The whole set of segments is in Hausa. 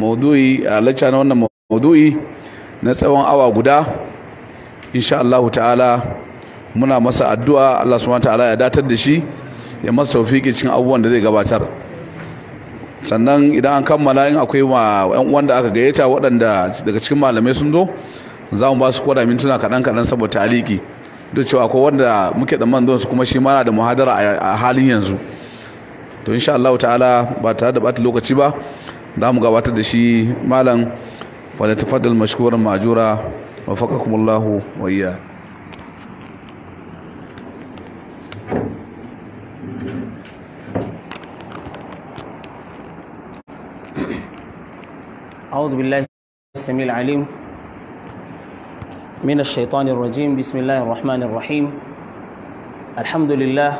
maudu'i a lacca na wannan maudu'i na tsawon awa guda insha Allah ta'ala muna masa addu'a Allah subhanahu ta'ala ya datar da shi ya masa tawfiki cikin abubuwan da zai gabatar sannan idan an kammala in akwai ma yan uwan da aka gayyata waɗanda daga cikin malamai sun zo za mu ba su kwada mintuna kaɗan kaɗan saboda taliki duk cewa akwai wanda muke da man su kuma shi mana da muhadara a halin yanzu to insha Allah ta'ala ba tare da bata lokaci ba za mu gabatar da shi malam wadda tafaddal mashkuran majura wa wa iya أعوذ بالله السميع العليم من الشيطان الرجيم بسم الله الرحمن الرحيم الحمد لله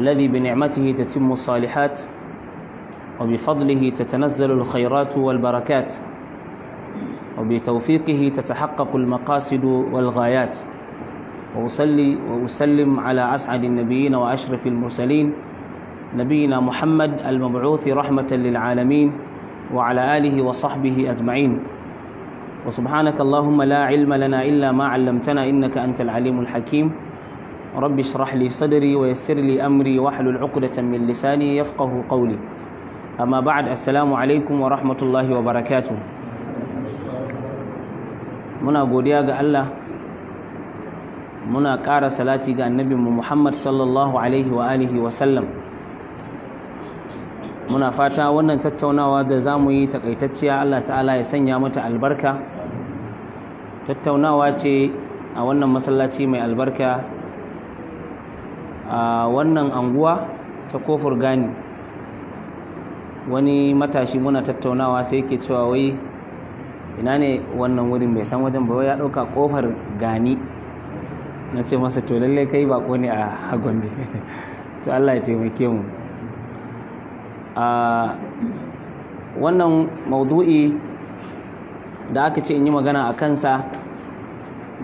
الذي بنعمته تتم الصالحات وبفضله تتنزل الخيرات والبركات وبتوفيقه تتحقق المقاصد والغايات وأصلي وأسلم على أسعد النبيين وأشرف المرسلين نبينا محمد المبعوث رحمة للعالمين وعلى آله وصحبه أجمعين وسبحانك اللهم لا علم لنا إلا ما علمتنا إنك أنت العليم الحكيم رب اشرح لي صدري ويسر لي أمري واحلل عقدة من لساني يفقه قولي amma ba'ad assalamu alaikum wa rahmatullahi wa barakatu muna godiya ga Allah muna ƙara salati ga annabinmu Muhammad sallallahu alaihi wa alihi wa sallam muna fata wannan tattaunawa da za mu yi takaitacciya Allah ta'ala ya sanya mata albarka tattaunawa ce a wannan masallaci mai albarka a wannan anguwa ta kofur gani wani matashi muna tattaunawa sai yake cewa wai ina ne wannan wurin bai san wajen ba ya ɗauka ƙofar gani na ce masa to lallai kai ko ne a ne to allah ya taimake mu a wannan maudu'i da aka ce in yi magana a kansa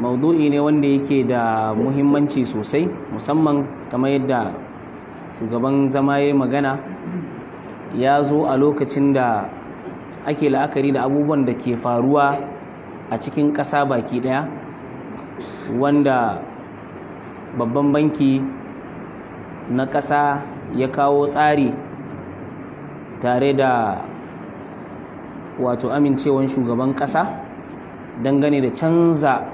maudu'i ne wanda yake da muhimmanci sosai musamman kamar yadda shugaban zama ya magana ya zo a lokacin da ake la'akari da abubuwan da ke faruwa a cikin ƙasa baki ɗaya wanda babban banki na ƙasa ya kawo tsari tare da wato amincewan shugaban ƙasa dangane da canza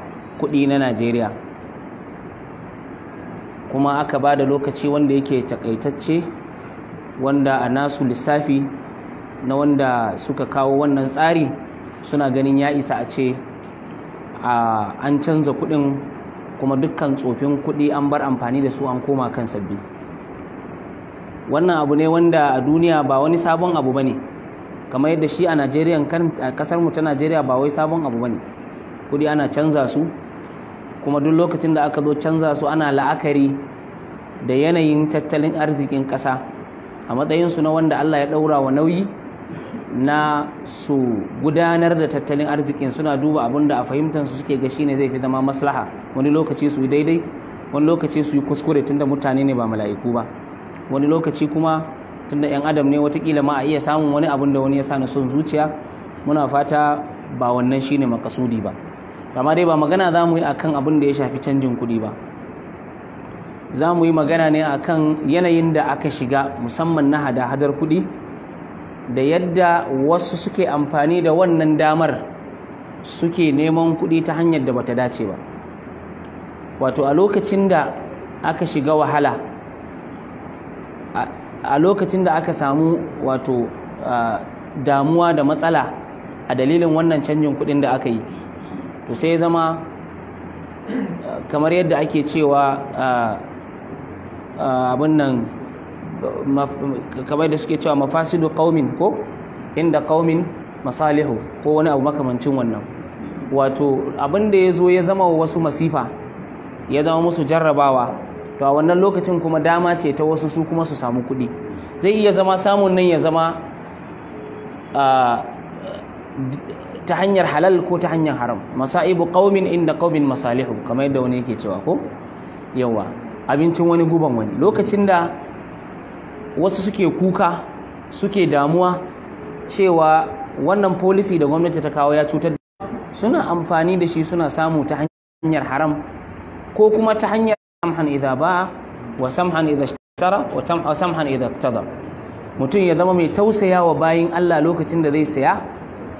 kuɗi na najeriya kuma aka ba da lokaci wanda yake takaitacce wanda a nasu lissafi na wanda suka kawo wannan tsari suna ganin ya isa a ce an canza kuɗin kuma dukkan tsofin kuɗi an bar amfani da su an koma kan sabbi wannan abu ne wanda a duniya ba wani sabon abu ba ne kamar yadda shi a najeriya kasar mu ta najeriya ba wai sabon abu ba ne kuɗi ana canza su kuma duk lokacin da aka zo canza su ana la'akari da yanayin tattalin arzikin ƙasa a matsayinsu na wanda Allah ya ɗaura wa nauyi na su gudanar da tattalin arzikin suna duba abin da a fahimtansu suke ga shine zai fi zama maslaha wani lokaci su yi daidai wani lokaci su yi kuskure tunda mutane ne ba mala'iku ba wani lokaci kuma tunda 'yan adam ne watakila ma a iya samun wani abin da wani ya sa na son zuciya muna fata ba wannan shine makasudi ba amma dai ba magana za mu yi akan abin da ya shafi canjin kuɗi ba za mu yi magana ne a kan yanayin da aka shiga musamman na hada-hadar kuɗi da yadda wasu suke amfani da wannan damar suke neman kuɗi ta hanyar da bata dace ba wato a lokacin da aka shiga wahala a lokacin da aka samu wato damuwa da matsala a dalilin wannan canjin kuɗin da aka yi to sai zama kamar yadda ake cewa Ah, abin nan kamar da suke cewa mafasidu qaumin ko inda qaumin masalihu ko wani abu makamancin wannan wato abin da ya zo ya zama wasu masifa ya zama musu jarrabawa to a wannan lokacin kuma dama ce ta wasu su kuma su samu kuɗi zai iya zama samun nan ya zama ah, ta hanyar halal ko ta hanyar haram masa'ibu qaumin inda qaumin masalihu kamar yadda wani yake cewa ko yawa abincin wani guban wani lokacin da wasu suke kuka suke damuwa cewa wannan policy da gwamnati ta kawo ya cutar da suna amfani da shi suna samu ta hanyar haram ko kuma ta hanyar samhan idza ba wa samhan idza wa samhan mutum ya zama mai tausaya wa bayin Allah lokacin da zai saya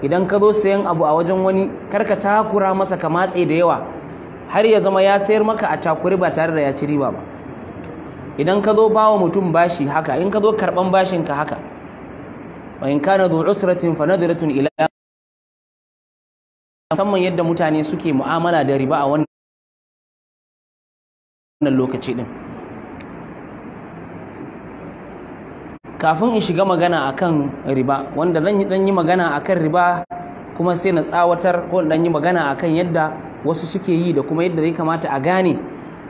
idan ka zo sayan abu a wajen wani karka takura masa ka matse da yawa har ya zama ya sayar maka a takuri ba tare da ya ci riba ba idan ka zo bawa mutum bashi haka in ka zo karban bashin ka haka wa in kana dhu usratin fa nadratun ila musamman yadda mutane suke mu'amala da riba a wannan lokaci din kafin in shiga magana akan riba wanda zan yi magana akan riba kuma sai na tsawatar ko dan yi magana akan yadda wasu suke yi da kuma yadda zai kamata a gane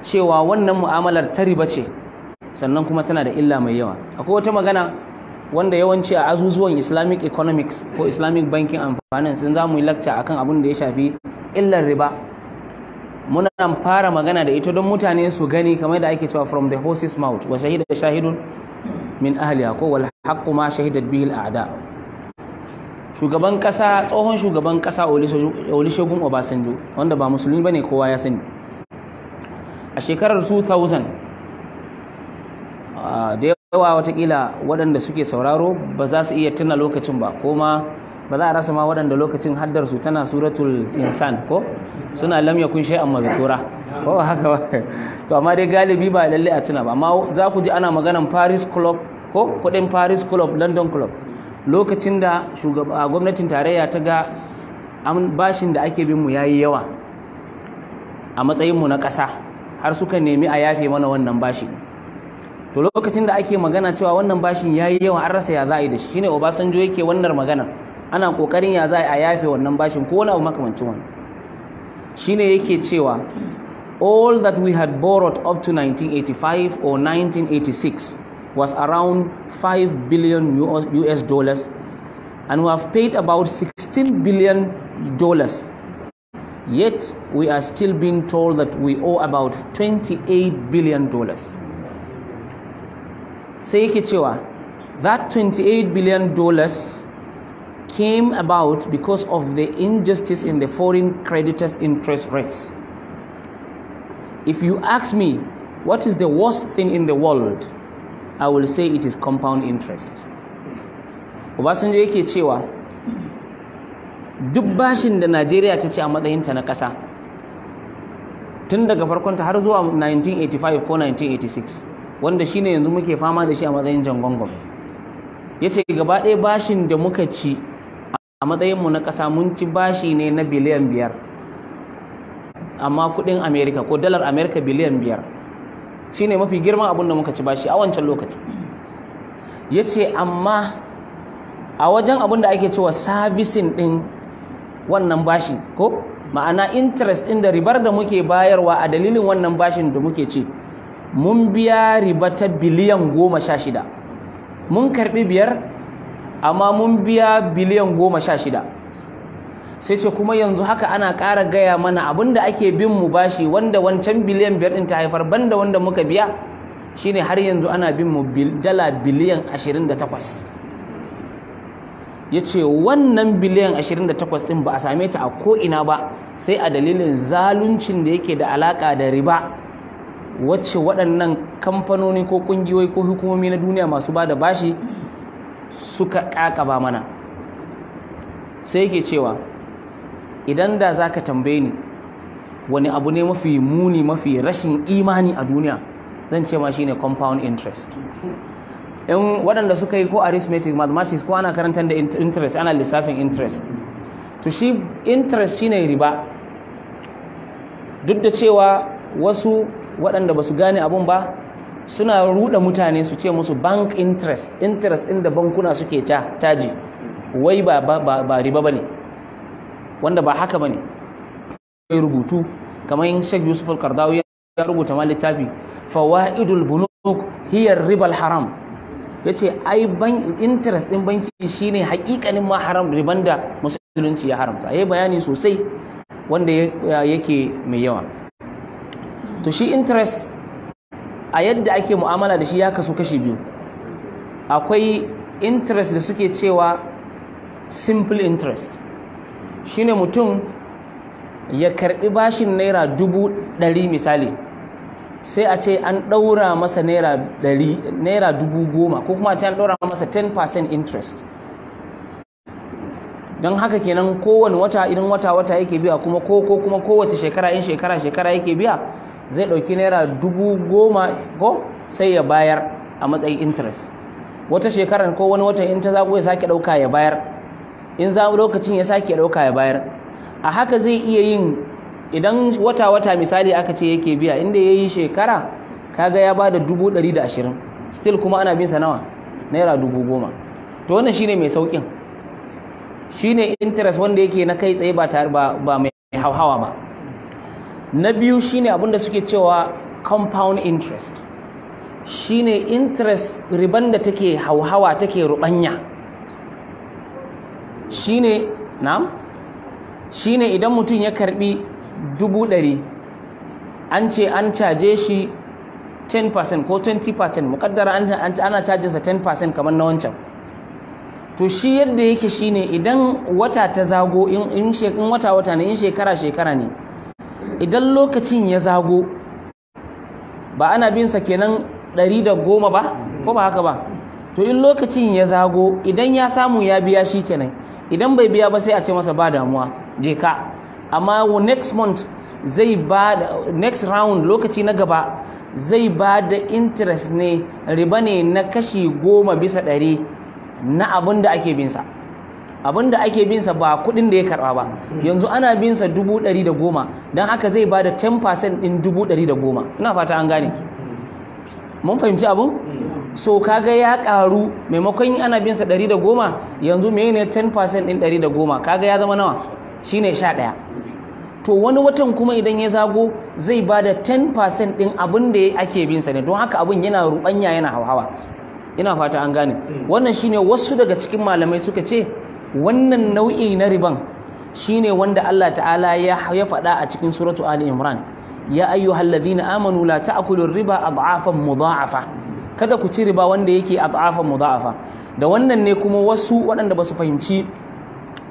cewa wannan mu'amalar ta riba ce sannan kuma tana da illa mai yawa akwai wata magana wanda yawanci a azuzuwan islamic economics ko islamic banking and finance sun za mu yi lakca akan abin da ya shafi illar riba muna fara magana da ita don mutane su gani kamar da ake cewa from the horse's mouth wa shahida shahidun min ahliya ko wal haqqu ma shahidat bihi al a'da shugaban kasa tsohon shugaban kasa olusegun obasanjo wanda ba musulmi bane kowa ya sani a shekarar 2000 ah, da yawa watakila waɗanda suke sauraro ba za su iya tuna lokacin ba kuma ba za a rasa ma waɗanda lokacin haddarsu tana suratul insan ko suna lamya lam yakun shay'an mazkura ko haka ba to amma dai galibi ba lalle a tuna ba amma za ku ji ana maganan Paris club ko kudin Paris club London club lokacin da gwamnatin tarayya ta ga bashin da ake bin mu yi yawa a matsayinmu na ƙasa har suka nemi a yafe mana wannan bashi to lokacin da ake magana cewa wannan bashin ya yi yawa an rasa ya za a yi da shi shine obasanjo yake wannan magana ana kokarin ya za a yafe wannan bashin ko wani abu makamancin Shi shine yake cewa all that we had borrowed up to 1985 or 1986 was around 5 billion US dollars and we have paid about 16 billion dollars. Yet we are still being told that we owe about 28 billion dollars. Say Kichwa, that 28 billion dollars came about because of the injustice in the foreign creditors' interest rates. If you ask me, what is the worst thing in the world? I will say it is compound interest. Obasanjo yake cewa duk bashin da Najeriya ta ce a matsayinta na ƙasa tun daga farkonta har zuwa 1985 ko 1986 wanda shine yanzu muke fama da shi a matsayin jangongon ya ce gaba ɗaya bashin da muka ci a matsayinmu na ƙasa mun ci bashi ne na biliyan biyar amma kuɗin amerika ko dalar amerika biliyan biyar shine mafi girman abin da muka ci bashi a wancan lokaci yace amma a wajen abin da ake cewa sabisin ɗin wannan bashi ko ma'ana interest ɗin da ribar da muke bayarwa a dalilin wannan bashin da muke ci, mun biya riba ta biliyan goma sha shida mun karɓi biyar amma mun biya biliyan goma sha shida sai ce kuma yanzu haka ana ƙara gaya mana abin da ake bin mu bashi wanda wancan biliyan biyar ɗin ta haifar banda wanda muka biya shine har yanzu ana bin mu dala biliyan ashirin da takwas ya ce wannan biliyan ashirin da takwas ɗin ba a same ta a ko'ina ba sai a dalilin zaluncin da yake da alaƙa da riba wacce waɗannan kamfanoni ko ƙungiyoyi ko hukumomi na duniya masu ba da bashi suka ƙaƙaba mana sai yake cewa idan da za ka tambaye ni wani abu ne mafi muni mafi rashin imani a duniya zan ce ma shine compound interest in waɗanda suka yi ko arithmetic mathematics ko ana karantar da interest ana lissafin interest to shi interest shine riba duk da cewa wasu waɗanda ba su gane abun ba suna ruɗa mutane su ce musu bank interest interest inda bankuna suke caji wai ba riba ba ne wanda ba haka bane ya rubutu kamar Sheikh Yusuf Al-Qardawi ya rubuta ma littafi fawaidul bunuk hiya ribal haram yace ai ban interest din banki shine hakikanin ma haram riban da musulunci ya haramta yayi bayani sosai wanda yake mai yawa to shi interest a yadda ake mu'amala da shi ya kasu kashi biyu akwai interest da suke cewa simple interest shine mutum ya karbi bashin naira dubu ɗari misali sai a ce an ɗaura masa naira dubu goma ko kuma a ce an ɗaura masa 10% interest don haka kenan kowane wata idan wata wata yake biya kuma ko ko kuma kowace shekara in shekara shekara yake biya zai ɗauki naira dubu goma ko sai ya bayar a matsayin interest wata shekarar ko wani watan in ta zago ya sake ɗauka ya bayar in za lokacin ya sake ɗauka ya bayar a haka zai iya yin idan wata-wata misali aka ce yake biya inda ya yi shekara kaga ya ba da dubu ɗari da ashirin still kuma ana bin sa nawa naira dubu goma to wannan shine mai sauƙin shine interest wanda yake na kai tsaye ba ba mai hauhawa ba na biyu shine abinda suke cewa compound interest shine interest riban da take hauhawa take rubanya shine na'am shine idan mutum ya karbi dubu ɗari an ce an caje shi 10% ko 20% mukaddara ana sa 10% kamar na wancan to shi yadda yake shine idan wata ta zago in wata wata ne in shekara shekara ne idan lokacin ya zago ba ana bin sa kenan 110 ba ko ba haka ba to in lokacin ya zago idan ya samu ya biya shi kenan idan bai biya ba sai a ce masa ba damuwa je ka amma next month zai ba da, next round lokaci na gaba zai ba da interest ne riba ne na kashi goma bisa ɗari na abin da ake binsa abin da ake binsa ba kuɗin da ya karɓa ba yanzu ana binsa dubu ɗari da goma don haka zai ba da 10% ɗin dubu ɗari da goma ina fata an gane mun fahimci abin so kaga ya karu maimakon ana bin sa 110 yanzu me ne 10% din 110 kaga ya zama nawa shine 11 to wani watan kuma idan ya zago zai bada 10% din abin da ake bin sa ne don haka abin yana rubanya yana hawa ina fata an gane wannan shine wasu daga cikin malamai suka ce wannan nau'i na riban shine wanda Allah ta'ala ya ya faɗa a cikin suratu Ali Imran ya ayyuhalladhina amanu la ta'kulu riba adhafan mudha'afa kada ku ci riba wanda yake ad'afa mudha'afa da wannan ne kuma wasu waɗanda ba su fahimci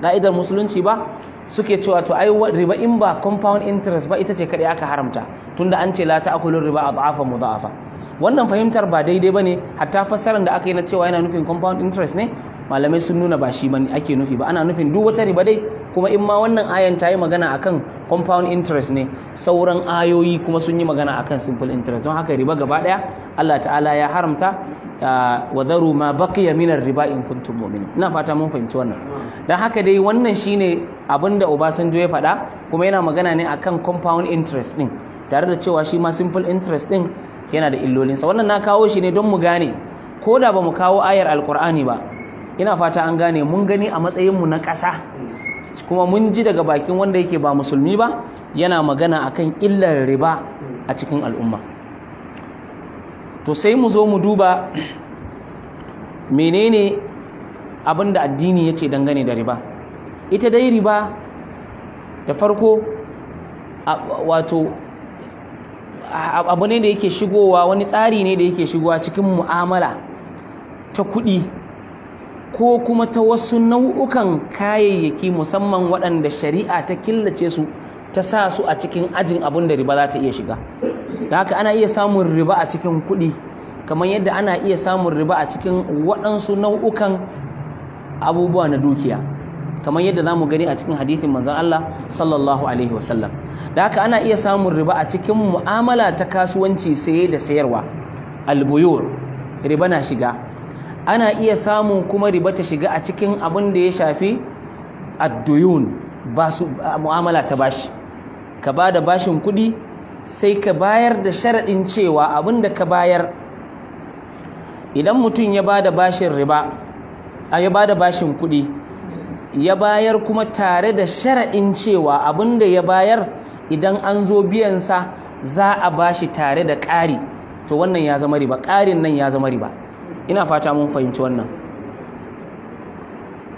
ka'idar musulunci ba suke cewa to ai riba in ba compound interest ba ita ce kadai aka haramta tunda an ce la ta'kulur riba ad'afa mudha'afa wannan fahimtar ba daidai bane hatta fassarar da aka yi na cewa yana nufin compound interest ne malamai sun nuna ba shi ba ake nufi ba ana nufin duk wata riba dai kuma in ma wannan ayan ta yi magana akan compound interest ne sauran ayoyi kuma sun yi magana akan simple interest don haka riba gaba daya Allah ta'ala ya haramta wa dharu ma baqiya min riba in kuntum mu'minin ina fata mun fahimci wannan dan haka dai wannan shine abinda Obasanjo ya faɗa kuma yana magana ne akan compound interest din tare da cewa shi ma simple interest din yana da illolinsa wannan na kawo shi ne don mu gane ko da ba mu kawo ayar alkur'ani ba ina fata an gane mun gani a matsayinmu na ƙasa kuma mun ji daga bakin wanda yake ba musulmi ba yana magana akan illar riba a cikin al'umma to sai mu zo mu duba menene abin da addini ya ce dangane da riba ita dai riba da farko wato abu ne da yake shigowa wani tsari ne da yake shigowa cikin mu'amala ta kuɗi ko kuma ta wasu nau'ukan kayayyaki musamman waɗanda shari'a ta killace su ta sa su a cikin ajin abin da riba za ta iya shiga da haka ana iya samun riba a cikin kuɗi kamar yadda ana iya samun riba a cikin waɗansu nau'ukan abubuwa na dukiya kamar yadda za mu gani a cikin hadithin manzan Allah sallallahu alaihi wasallam da haka ana iya samun riba a cikin mu'amala ta kasuwanci saye da sayarwa albuyur riba na shiga ana iya samun kuma riba ta shiga a cikin abin da ya shafi adduyun ba su mu'amala ta bashi ka ba da bashin kuɗi sai ka bayar da sharaɗin cewa abin da ka bayar idan mutum ya ba da bashin riba a ya ba da bashin kuɗi ya bayar kuma tare da sharaɗin cewa abin da ya bayar idan an zo biyansa za a bashi tare da ƙari to wannan ya zama riba ƙarin nan ya zama riba ina fata mun fahimci wannan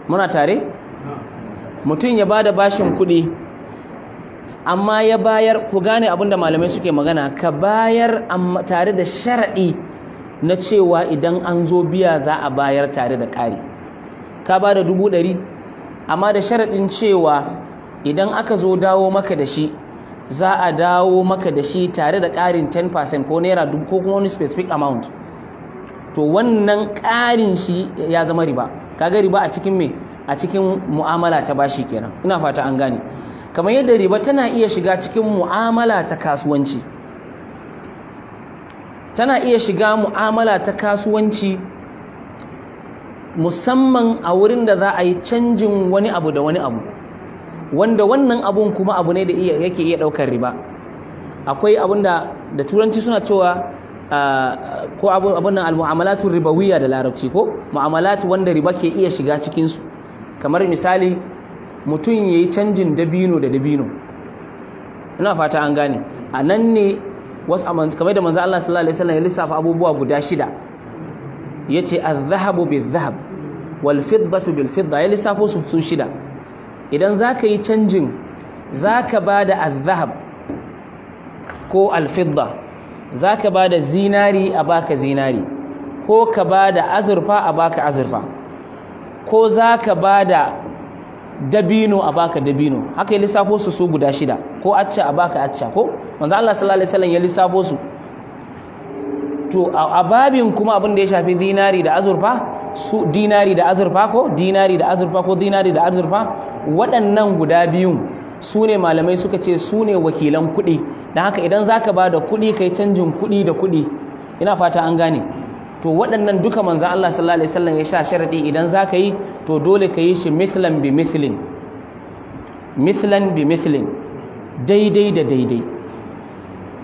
muna tare mutum ya bada bashin kuɗi amma ya bayar ku gane abinda malamai suke magana ka bayar tare da sharaɗi na cewa idan an zo biya za a bayar tare da ƙari ka ba da dubu ɗari amma da sharaɗin cewa idan aka zo dawo maka da shi za a dawo maka da shi tare da ƙarin 10% ko naira ko kuma wani specific amount to wannan ƙarin shi ya zama riba kaga riba a cikin me a cikin mu'amala ta bashi kenan ina fata an gane kamar yadda riba tana iya shiga cikin mu'amala ta kasuwanci tana iya shiga mu'amala ta kasuwanci musamman a wurin da za a yi canjin wani abu da wani abu wanda wannan abun kuma abu ne da yake iya ɗaukar riba akwai abun da turanci suna cewa ko abun nan al-mu'amalatun ribawiyya da larabci ko mu'amalat wanda riba ke iya shiga cikin su kamar misali mutum yayi canjin dabino da dabino ina fata an gane a ne wasu kamar da manzo Allah sallallahu alaihi wasallam ya lissafa abubuwa guda shida yace adh-dhahabu bidh-dhahab wal fiddatu bil fidda ya lissafo su su shida idan zaka yi canjin zaka bada adh-dhahab ko al-fidda za ka ba da zinari a baka zinari ko ka ba da azurfa a baka azurfa ko za ka ba da dabino a baka dabino haka ya lissafo su su guda shida ko acca a baka acca ko wanzu Allah sallallahu alaihi wasallam ya lissafo su to a babin kuma abin da ya shafi dinari da azurfa su dinari da azurfa ko dinari da azurfa ko dinari da azurfa waɗannan guda biyun su ne malamai suka ce su ne wakilan kuɗi don haka idan za ka ba da kuɗi ka yi canjin kuɗi da kuɗi ina fata an gane to waɗannan duka manza Allah sallallahu alaihi wasallam ya sha sharaɗi idan za ka yi to dole ka yi shi mithlan bi mithlin mithlan bi mithlin daidai da daidai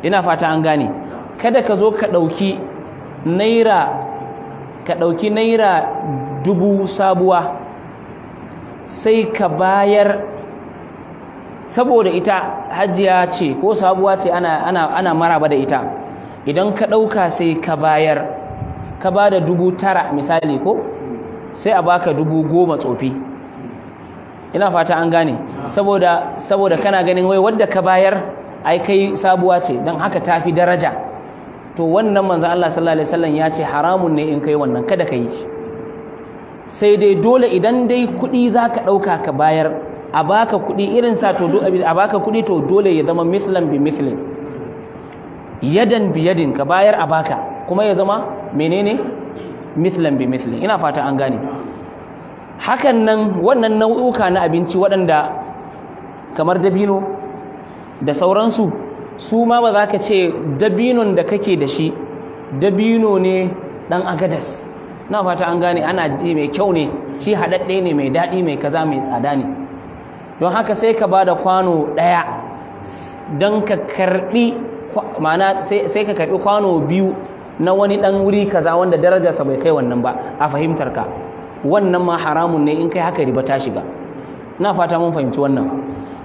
ina fata an gane kada ka zo ka ɗauki naira ka ɗauki naira dubu sabuwa sai ka bayar saboda ita hajiya ce ko sabuwa ce ana ana ana maraba da ita idan ka ɗauka sai ka bayar ka ba da dubu tara misali ko sai a baka dubu goma tsofi ina fata an gane saboda saboda kana ganin wai wadda ka bayar ai kai sabuwa ce don haka tafi daraja to wannan manzo Allah sallallahu alaihi wasallam ya ce haramun ne in kai wannan kada ka yi sai dai dole idan dai kuɗi za ka ɗauka ka bayar a baka kuɗi irin sa to a baka kuɗi to dole ya zama mislan bi mislin yadan bi yadin ka bayar a baka kuma ya zama menene mislan bi mislin ina fata an gane hakan nan wannan nau'uka na abinci waɗanda kamar dabino da sauransu su ma ba za ka ce dabinon da kake da shi dabino ne ɗan agadas na fata an gane ana ji mai kyau ne shi haɗaɗɗe ne mai daɗi mai kaza mai tsada ne don haka sai ka ba da kwano ɗaya don ka karɓi ma'ana sai ka karɓi kwano biyu na wani ɗan wuri kaza wanda darajarsa bai kai wannan ba a fahimtar ka wannan ma haramun ne in kai haka riba ta shiga na fata mun fahimci wannan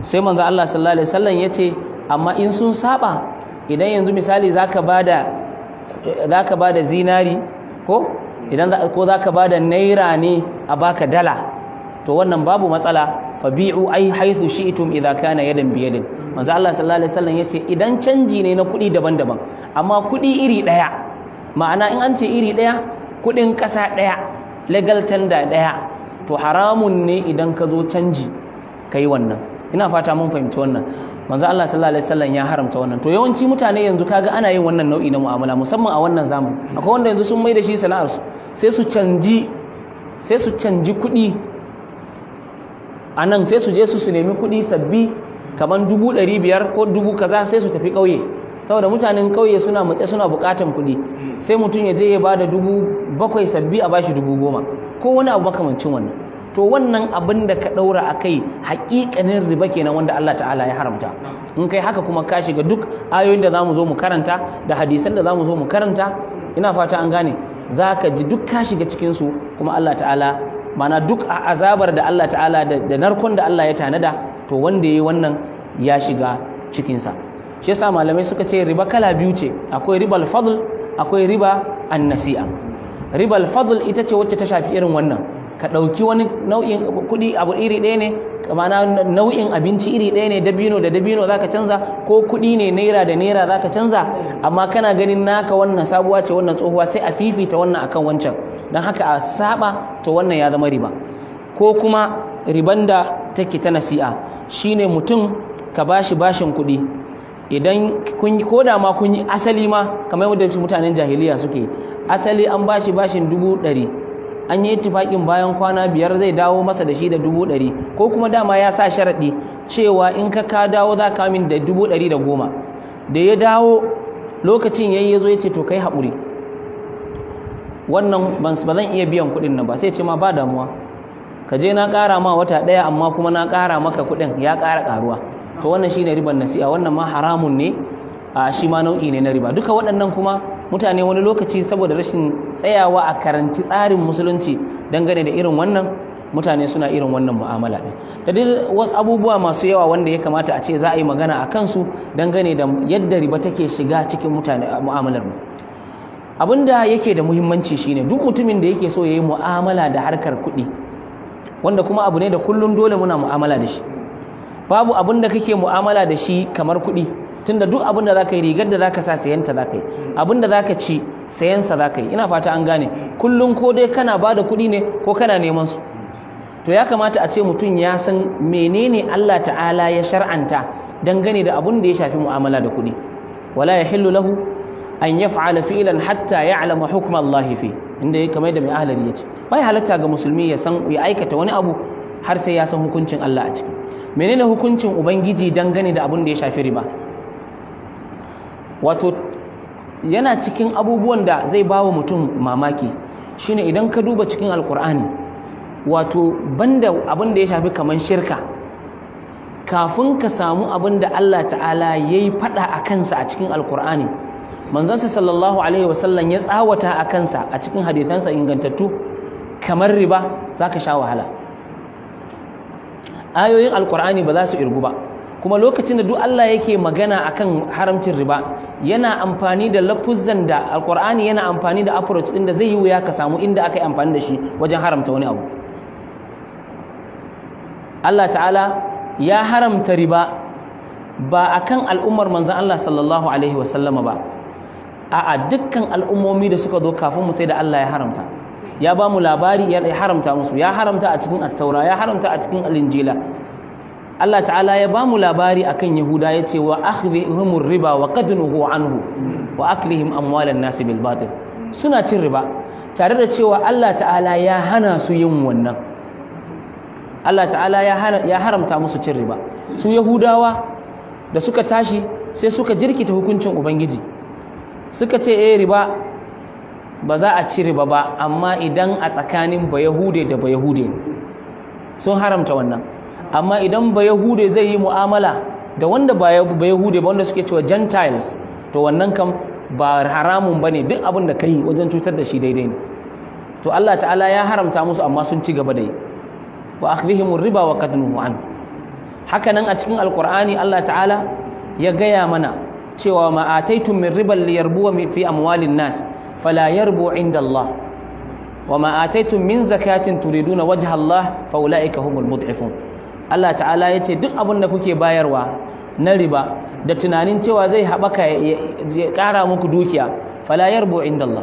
sai manzo Allah sallallahu alaihi wasallam yace amma in sun saba idan yanzu misali zaka bada zaka bada zinari ko idan ko zaka bada naira ne a baka dala to wannan babu matsala fabi'u ai shi shi'tum idza kana yadan biyadin manzo Allah sallallahu alaihi wasallam yace idan canji ne na kuɗi daban-daban amma kuɗi iri ɗaya ma'ana in an ce iri daya kuɗin ƙasa ɗaya legal tender ɗaya to haramun ne idan ka zo canji kai wannan ina fata mun fahimci wannan manzo Allah sallallahu alaihi wasallam ya haramta wannan to yawanci mutane yanzu kaga ana yin wannan nau'i na mu'amala musamman a wannan zamani akwai wanda yanzu sun mai da shi sana'ar su sai su canji sai su canji kuɗi a nan sai su je su su nemi kuɗi sabbi kamar dubu ɗari biyar ko dubu kaza sai su tafi ƙauye saboda mutanen ƙauye suna matse suna buƙatan kuɗi sai mutum ya je ya ba da dubu bakwai sabbi a bashi dubu goma ko wani abu makamancin wannan to wannan abin da ka ɗaura a kai haƙiƙanin riba kenan wanda Allah ta'ala ya haramta in kai haka kuma ka shiga duk ayoyin da za mu zo mu karanta da hadisan da za mu zo mu karanta ina fata an gane za ka ji duk ka shiga cikinsu kuma Allah ta'ala mana duk a azabar da Allah ta'ala da narkon da Allah ya tanada to wanda ya yi wannan ya shiga cikinsa shi yasa malamai suka ce riba kala biyu ce akwai ribar fadl akwai riba an riba Ribar fadl ita ce wacce ta shafi irin wannan ka ɗauki wani nau'in kuɗi abu iri ɗaya ne ma'ana nau'in abinci iri ɗaya ne dabino da dabino zaka canza ko kuɗi ne naira da naira zaka canza amma kana ganin naka wannan sabuwa ce wannan tsohuwa sai a fifita wannan akan wancan don haka a saba to wannan ya zama riba ko kuma riban da take ta nasi'a shine mutum ka bashi bashin kuɗi idan kun ko da ma kun yi asali ma kamar yadda mutanen jahiliya suke asali an bashi bashin dubu ɗari an yi tufaƙin bayan kwana biyar zai dawo masa da shi da dubu ɗari ko kuma dama ya sa sharaɗi cewa in ka ka dawo za ka min da dubu ɗari da goma da ya dawo lokacin ya yazo ya zo ya ce to kai haƙuri wannan ba zan iya biyan kuɗin nan ba sai ce ma ba damuwa ka je na ƙara ma wata ɗaya amma kuma na ƙara maka kuɗin ya ƙara ƙaruwa to wannan shine riban nasi'a wannan ma haramun ne a shi ma nau'i ne na riba duka waɗannan kuma mutane wani lokaci saboda rashin tsayawa a karanci tsarin musulunci dangane da irin wannan mutane suna irin wannan mu'amala ɗin da duk wasu abubuwa masu yawa wanda ya kamata a ce za a yi magana a kansu dangane da yadda riba take shiga cikin mutane mu'amalar mu abin da yake da muhimmanci shine duk mutumin da yake so ya yi mu'amala da harkar kuɗi wanda kuma abu ne da kullum dole muna mu'amala da shi babu abin da kake mu'amala da shi kamar kuɗi tunda duk abin da za ka yi rigar da za ka sa sayanta ka yi abin da za ka ci sayansa ka yi ina fata an gane kullum ko dai kana bada kuɗi ne ko kana neman su to ya kamata a ce mutum ya san menene Allah ta'ala ya shar'anta dangane da abin da ya shafi mu'amala da kuɗi wala yahillu lahu an yaf'ala fi'lan hatta ya'lama hukma Allah fi inda yake kamar da mai ahlari yace bai halatta ga musulmi ya san ya aikata wani abu har sai ya san hukuncin Allah a ciki menene hukuncin ubangiji dangane da abin da ya shafi riba wato yana cikin abubuwan da zai bawa mutum mamaki shine idan ka duba cikin alkur'ani wato banda abin da ya shafi kamar shirka kafin ka samu abin da Allah ta'ala ya yi faɗa a kansa a cikin alkur'ani manzansa sallallahu alaihi wasallam ya tsawata a kansa a cikin hadithansa ingantattu kamar riba za ka sha wahala ayoyin alkur'ani ba za su irgu ba kuma lokacin da duk Allah yake magana akan haramcin riba yana amfani da lafuzan da alkur'ani yana amfani da approach din da zai yi wuya ka samu inda aka yi amfani da shi wajen haramta wani abu Allah ta'ala ya haramta riba ba akan al'ummar manzon Allah sallallahu alaihi wasallama ba a'a dukkan al'ummomi da suka zo kafin mu sai da Allah ya haramta ya ba mu labari ya haramta musu ya haramta a cikin attaura ya haramta a cikin alinjila Allah ta'ala ya ba mu labari akan yahuda ya ce wa akhdhihim riba wa qadnuhu anhu wa aklihim amwalan nas bil batil suna cin riba tare da cewa Allah ta'ala ya hana su yin wannan Allah ta'ala ya haramta musu cin riba su yahudawa da suka tashi sai suka jirkita hukuncin ubangiji suka ce eh riba ba za a ci riba ba amma idan a tsakanin ba yahude da ba sun haramta wannan amma idan ba zai yi mu'amala da wanda ba yahude ba wanda suke cewa gentiles to wannan kam ba haramun ba ne duk abin da ka yi wajen cutar da shi daidai ne to Allah ta'ala ya haramta musu amma sun ci gaba da yi wa akhdhihim riba wa qad an haka nan a cikin alqur'ani Allah ta'ala ya gaya mana cewa ma ataitum min riban liyarbuwa fi amwalin nas fala inda Allah wa ma'ataitun min zakatin turiduna wajha Allah fa ulaika humul mud'ifun Allah ta'ala ya ce duk abin da kuke bayarwa na riba da tunanin cewa zai haɓaka ya ƙara muku dukiya fala inda Allah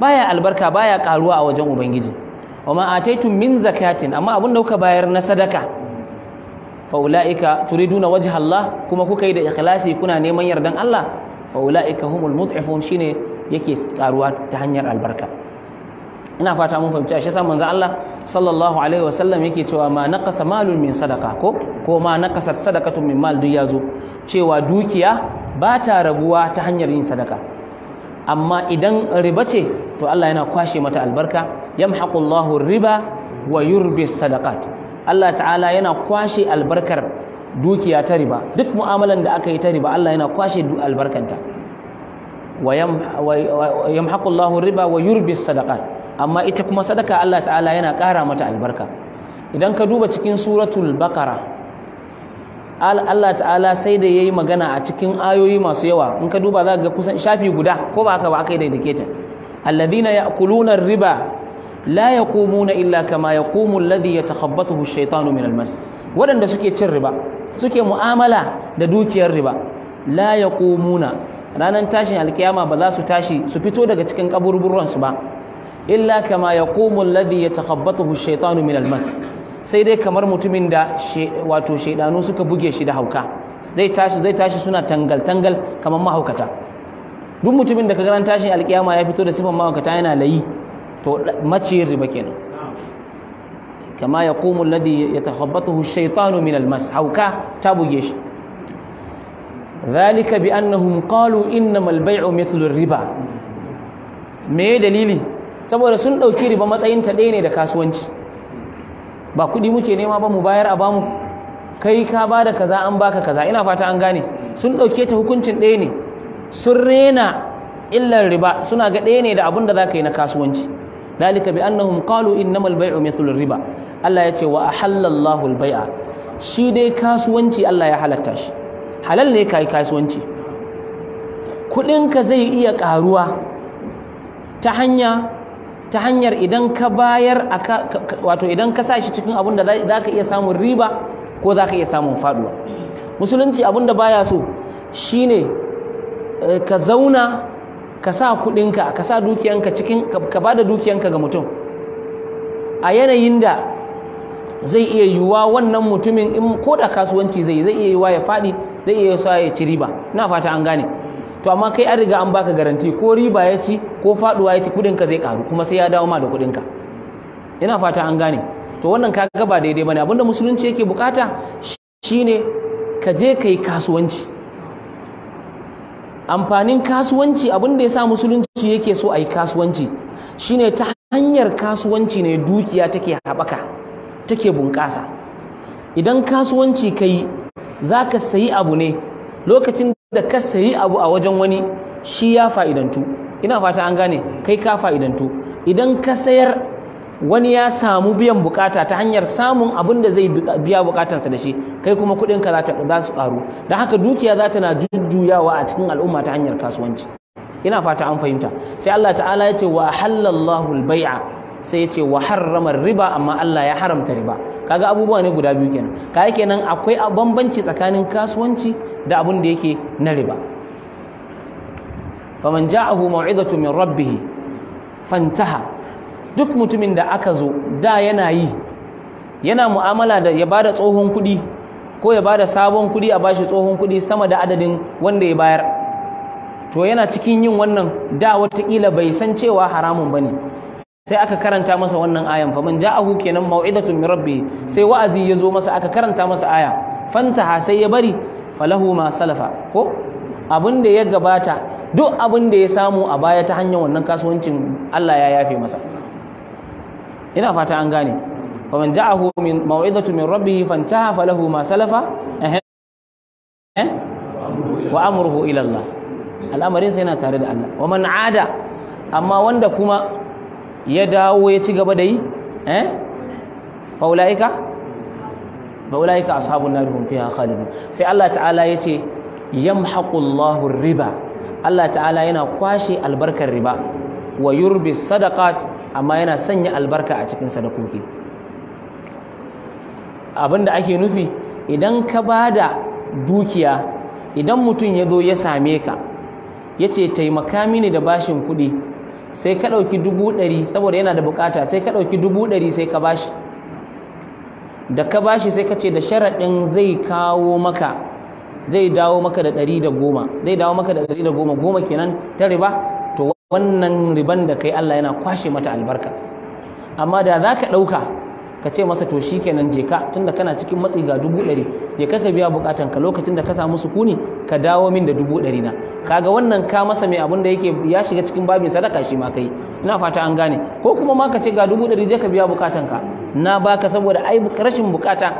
baya albarka baya ƙaruwa a wajen ubangiji wa ma'ataitun min zakatin amma abin da kuka bayar na sadaka faula'ika turiduna wajha Allah kuma kuka yi da ikhlasi kuna neman yardan Allah faula'ika humul mut'ifun shine yake karuwa ta hanyar albarka ina fata mun fahimci ashe san manzon Allah sallallahu alaihi sallam yake cewa ma naqasa malun min sadaka ko ko ma naqasat sadaqatun min mal duk yazo cewa dukiya ba ta rabuwa ta hanyar yin sadaka amma idan riba ce to Allah yana kwashe mata albarka yamhaqullahu riba wa yurbi sadaqat Allah ta'ala yana kwashe albarkar dukiya ta riba duk mu'amalan da aka yi ta riba Allah yana kwashe albarkanta wa yamhaqu Allahu riba wa yurbi sadaka. amma ita kuma sadaka Allah ta'ala yana ƙara mata albarka idan ka duba cikin suratul bakara. Allah ta'ala sai da ya yi magana a cikin ayoyi masu yawa in ka duba za ga kusan shafi guda ko ba haka ba aka yi daidake ta riba la yaqumuna illa kama yaqumu alladhi yatakhabbathu ash-shaytanu min al-mas wadanda suke cin riba suke mu'amala da dukiyar riba la yaqumuna ranan tashin alkiyama ba za su tashi su fito daga cikin kaburburan ba illa kama yaqumu alladhi yatakhabbathu ash-shaytanu min al-mas sai dai kamar mutumin da wato shaidanu suka buge shi da hauka zai tashi zai tashi suna tangal tangal kamar mahaukata duk mutumin da ka garan tashin alkiyama ya fito da sifan mahaukata yana layi to maciyin riba kenan kama ya komo ladi ya takhabbatuhu shaitanu min almas hauka ta buge shi zalika bi annahum qalu innamal bai'u mithlu riba me dalili saboda sun dauki riba matsayin ta ɗaya ne da kasuwanci ba kuɗi muke nema ba mu bayar a bamu kai ka bada kaza an baka kaza ina fata an gane sun dauke ta hukuncin ɗaya ne sun rena illar riba suna ga ɗaya ne da abin da za ka yi na kasuwanci dalika bi annahum qalu innamal bai'u mithlu riba Allah yace wa ahallallahu al-bai'a shi dai kasuwanci Allah ya halatta shi halal ne kai kasuwanci kudinka zai iya karuwa ta hanya ta hanyar idan ka bayar wato idan ka sashi cikin abin da zaka iya samun riba ko zaka iya samun faduwa musulunci abin da baya so shine ka zauna ka sa kuɗinka ka sa dukiyanka cikin ka ba da dukiyanka ga mutum a yanayin da zai iya yiwuwa wannan mutumin in ko da kasuwanci zai zai iya yiwuwa ya faɗi zai iya yiwuwa ya ci riba na fata an gane to amma kai an riga an baka garanti ko riba ya ci ko faɗuwa ya ci kudinka zai karu kuma sai ya dawo ma da kudinka ina fata an gane to wannan kaga ba daidai bane abinda musulunci yake bukata shine ka je kai kasuwanci amfanin kasuwanci abin da ya sa musulunci yake so a yi kasuwanci shine ta hanyar kasuwanci ne dukiya take haɓaka take bunƙasa idan kasuwanci ka yi za ka sayi abu ne lokacin da ka sayi abu a wajen wani shi ya fa'idantu ina fata an gane kai ka fa'idantu idan ka sayar wani ya samu biyan bukata ta hanyar samun abin da zai biya bukatarsa da shi kai kuma kuɗin ka za su karu don haka dukiya za ta na jujjuyawa a cikin al'umma ta hanyar kasuwanci ina fata an fahimta sai Allah ta'ala ya ce wa halallahu albay'a sai ya ce wa harrama riba amma Allah ya haramta riba kaga abubuwa ne guda biyu kenan kaga kenan akwai bambanci tsakanin kasuwanci da abin da yake na riba faman ja'ahu maw'izatu min rabbih fantaha duk mutumin da aka zo da yana yi yana mu'amala da ya bada tsohon kuɗi ko ya bada sabon kuɗi a bashi tsohon kuɗi sama da adadin wanda ya bayar to yana cikin yin wannan da watakila bai san cewa haramun bane sai aka karanta masa wannan ayan faman ja'ahu kenan mau'izatun min rabbi sai wa'azi ya zo masa aka karanta masa aya fantaha sai ya bari falahu ma salafa ko abin da ya gabata duk abin da ya samu a baya ta hanyar wannan kasuwancin Allah ya yafe masa ina fata an gane faman ja'ahu min maw'izatu min rabbihi fantaha falahu ma salafa eh? wa amruhu ila Allah al'amarin sa yana tare da Allah wa man 'ada amma wanda kuma ya dawo ya ci gaba da yi eh fa ulaika fa ulaika ashabun nar hum fiha khalidun sai Allah ta'ala yace yamhaqullahu riba Allah ta'ala yana kwashe albarkar riba wa yurbi sadaqat amma yana sanya albarka a cikin sadakoki abinda ake nufi idan ka bada dukiya idan mutum ya zo ya same ka ya ce taimaka mini da bashin kuɗi sai ka ɗauki dubu ɗari saboda yana da bukata sai ka ɗauki dubu ɗari sai ka bashi da ka bashi sai ka ce da sharaɗin zai kawo maka zai dawo maka da ɗari da goma zai dawo maka da ɗari da goma goma kenan ta riba wannan riban da kai Allah yana kwashe mata albarka amma da za ka ɗauka ka ce masa to shi kenan je ka tunda kana cikin matsi ga dubu ɗari je ka ka biya bukatan ka lokacin da ka samu sukuni ka dawo min da dubu ɗari na kaga wannan ka masa mai abin da yake ya shiga cikin babin sadaka shi ma kai ina fata an gane ko kuma ma ka ce ga dubu ɗari je ka biya bukatan ka na baka saboda ai rashin bukata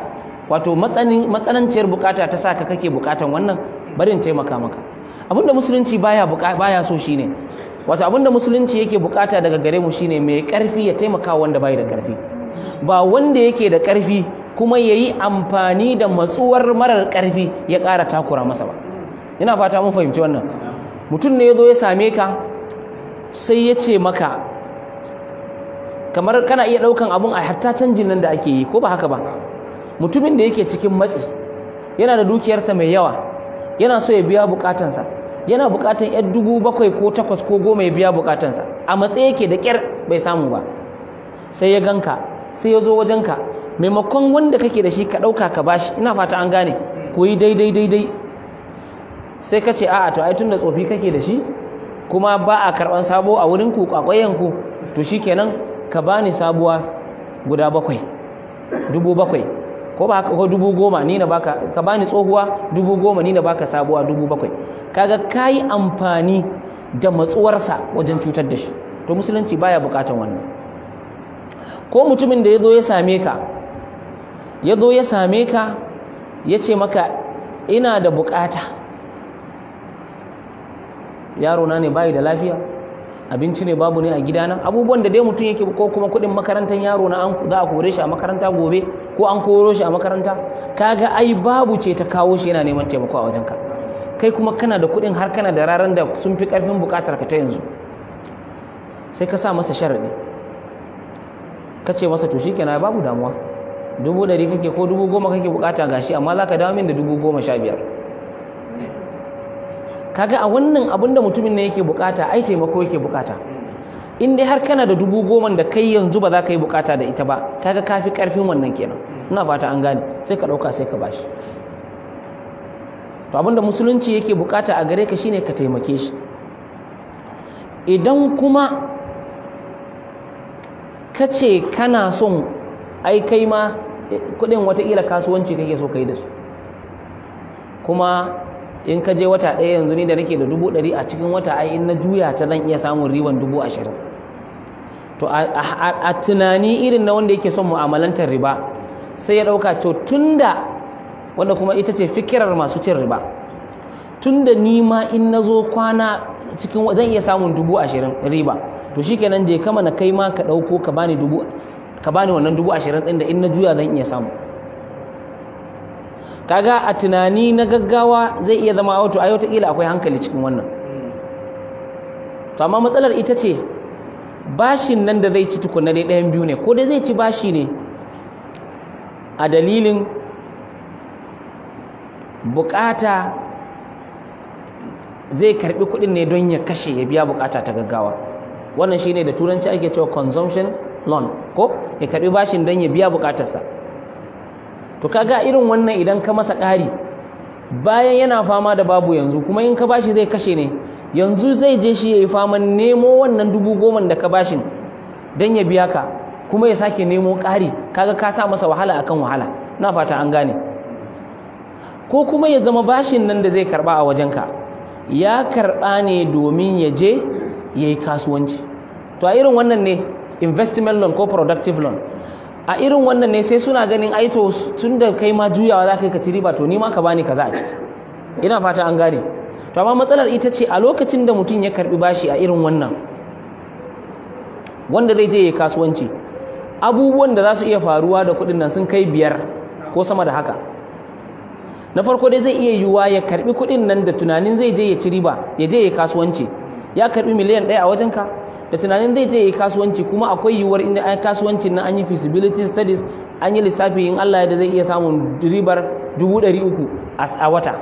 wato matsananciyar bukata ta sa ka kake bukatan wannan barin taimaka maka abin da musulunci baya baya so shine wato abinda musulunci yake bukata daga gare mu shine mai karfi ya taimaka wanda bai da karfi ba wanda yake da karfi kuma yayi amfani da matsuwar marar karfi ya ƙara takura masa ba ina fata mun fahimci wannan mutum ne ya zo ya same ka sai ya ce maka kamar kana iya ɗaukan abun a hatta canjin nan da ake yi ko ba haka ba mutumin da yake cikin matsi yana da dukiyarsa mai yawa yana so ya biya bukatansa yana bukatan ƴar dubu bakwai ko takwas ko goma ya biya bukatansa a matsayi yake da ƙyar bai samu ba sai ya ganka sai ya zo wajenka maimakon wanda kake da shi ka ɗauka ka bashi ina fata an gane Ko yi daidai daidai sai ka ce a'a to ai tun da tsofi kake da shi kuma ba a karɓar sabo a wurin ku kwakwayen ku to shikenan ka bani sabuwa guda bakwai dubu bakwai ko ba haka ko dubu goma ni na baka ka bani tsohuwa dubu goma ni na baka sabuwa dubu bakwai kaga kayi amfani da matsuwarsa wajen cutar da shi to musulunci baya bukatan wannan ko mutumin da ya zo ya same ka ya zo ya same ka yace ce maka ina da bukata yaro na ne bai da lafiya abinci ne babu ne a gidana abubuwan da dai mutum yake ko kuma kuɗin makarantar yaro na an za a kore shi a makaranta gobe ko an koro shi a makaranta kaga ai babu ce ta kawo shi yana neman taimako a wajenka kai kuma kana da kuɗin har kana da raran da sun fi karfin buƙatar ka ta yanzu sai ka sa masa sharaɗi ka ce masa to shikenan babu damuwa dubu ɗari kake ko dubu goma kake buƙata gashi amma za ka dawo min da dubu goma sha biyar kaga a wannan abin da mutumin ne yake buƙata ai taimako yake bukata in dai har kana da dubu goma da kai yanzu ba za ka yi bukata da ita ba kaga ka fi ƙarfin wannan kenan ina fata an gane sai ka ɗauka sai ka bashi to abinda musulunci yake bukata a gare ka shine ka taimake shi idan kuma kace kana son ai kai ma kudin watakila kasuwanci kake so kai yi da su kuma in ka je wata ɗaya yanzu ni da nake da dubu ɗari a cikin wata ai in na juya ta zan iya samun riban dubu ashirin to a tunani irin na wanda yake son mu'amalantar riba sai ya ɗauka to tunda wanda kuma ita ce fikirar masu cin riba tunda ni ma in na zo kwana cikin zan iya samun dubu ashirin riba to shi kenan je kama na kai ma ka ɗauko ka bani dubu wannan dubu ashirin ɗin da in na juya zan iya samu kaga a tunani na gaggawa zai iya zama wato ayo taƙila akwai hankali cikin wannan to amma matsalar ita ce bashin nan da zai ci tukunna dai ɗayan biyu ne ko dai zai ci bashi ne a dalilin bukata zai karbi kuɗin ne don ya kashe ya biya bukata ta gaggawa wannan shine da turanci ake cewa consumption loan ko ya karbi bashin don ya biya bukatarsa to kaga irin wannan idan ka masa ƙari bayan yana fama da babu yanzu kuma in ka bashi zai kashe ne yanzu zai je shi ya yi faman nemo wannan dubu goma da ka bashin don ya biya ka kuma ya sake nemo ƙari kaga ka sa masa wahala akan wahala na fata an gane ko kuma ya zama bashin nan da zai karba a wajen ka ya karba ne domin ya je ya yi kasuwanci to a irin wannan ne investment loan ko productive loan a irin wannan ne sai suna ganin aito tun da kai ma juyawa za ka yi ka ci riba to ni ma ka bani kaza a ciki ina fata an gane to amma matsalar ita ce a lokacin da mutum ya karbi bashi a irin wannan wanda zai je ya kasuwanci abubuwan da za su iya faruwa da kuɗin nan sun kai biyar ko sama da haka na farko dai zai iya yiwuwa ya karbi kuɗin nan da tunanin zai je ya ci riba ya je ya kasuwanci ya karbi miliyan ɗaya a wajen ka? da tunanin zai je ya kasuwanci kuma akwai yiwuwar inda ai kasuwancin nan an yi feasibility studies an yi lissafi in Allah ya da zai iya samun ribar dubu ɗari uku a wata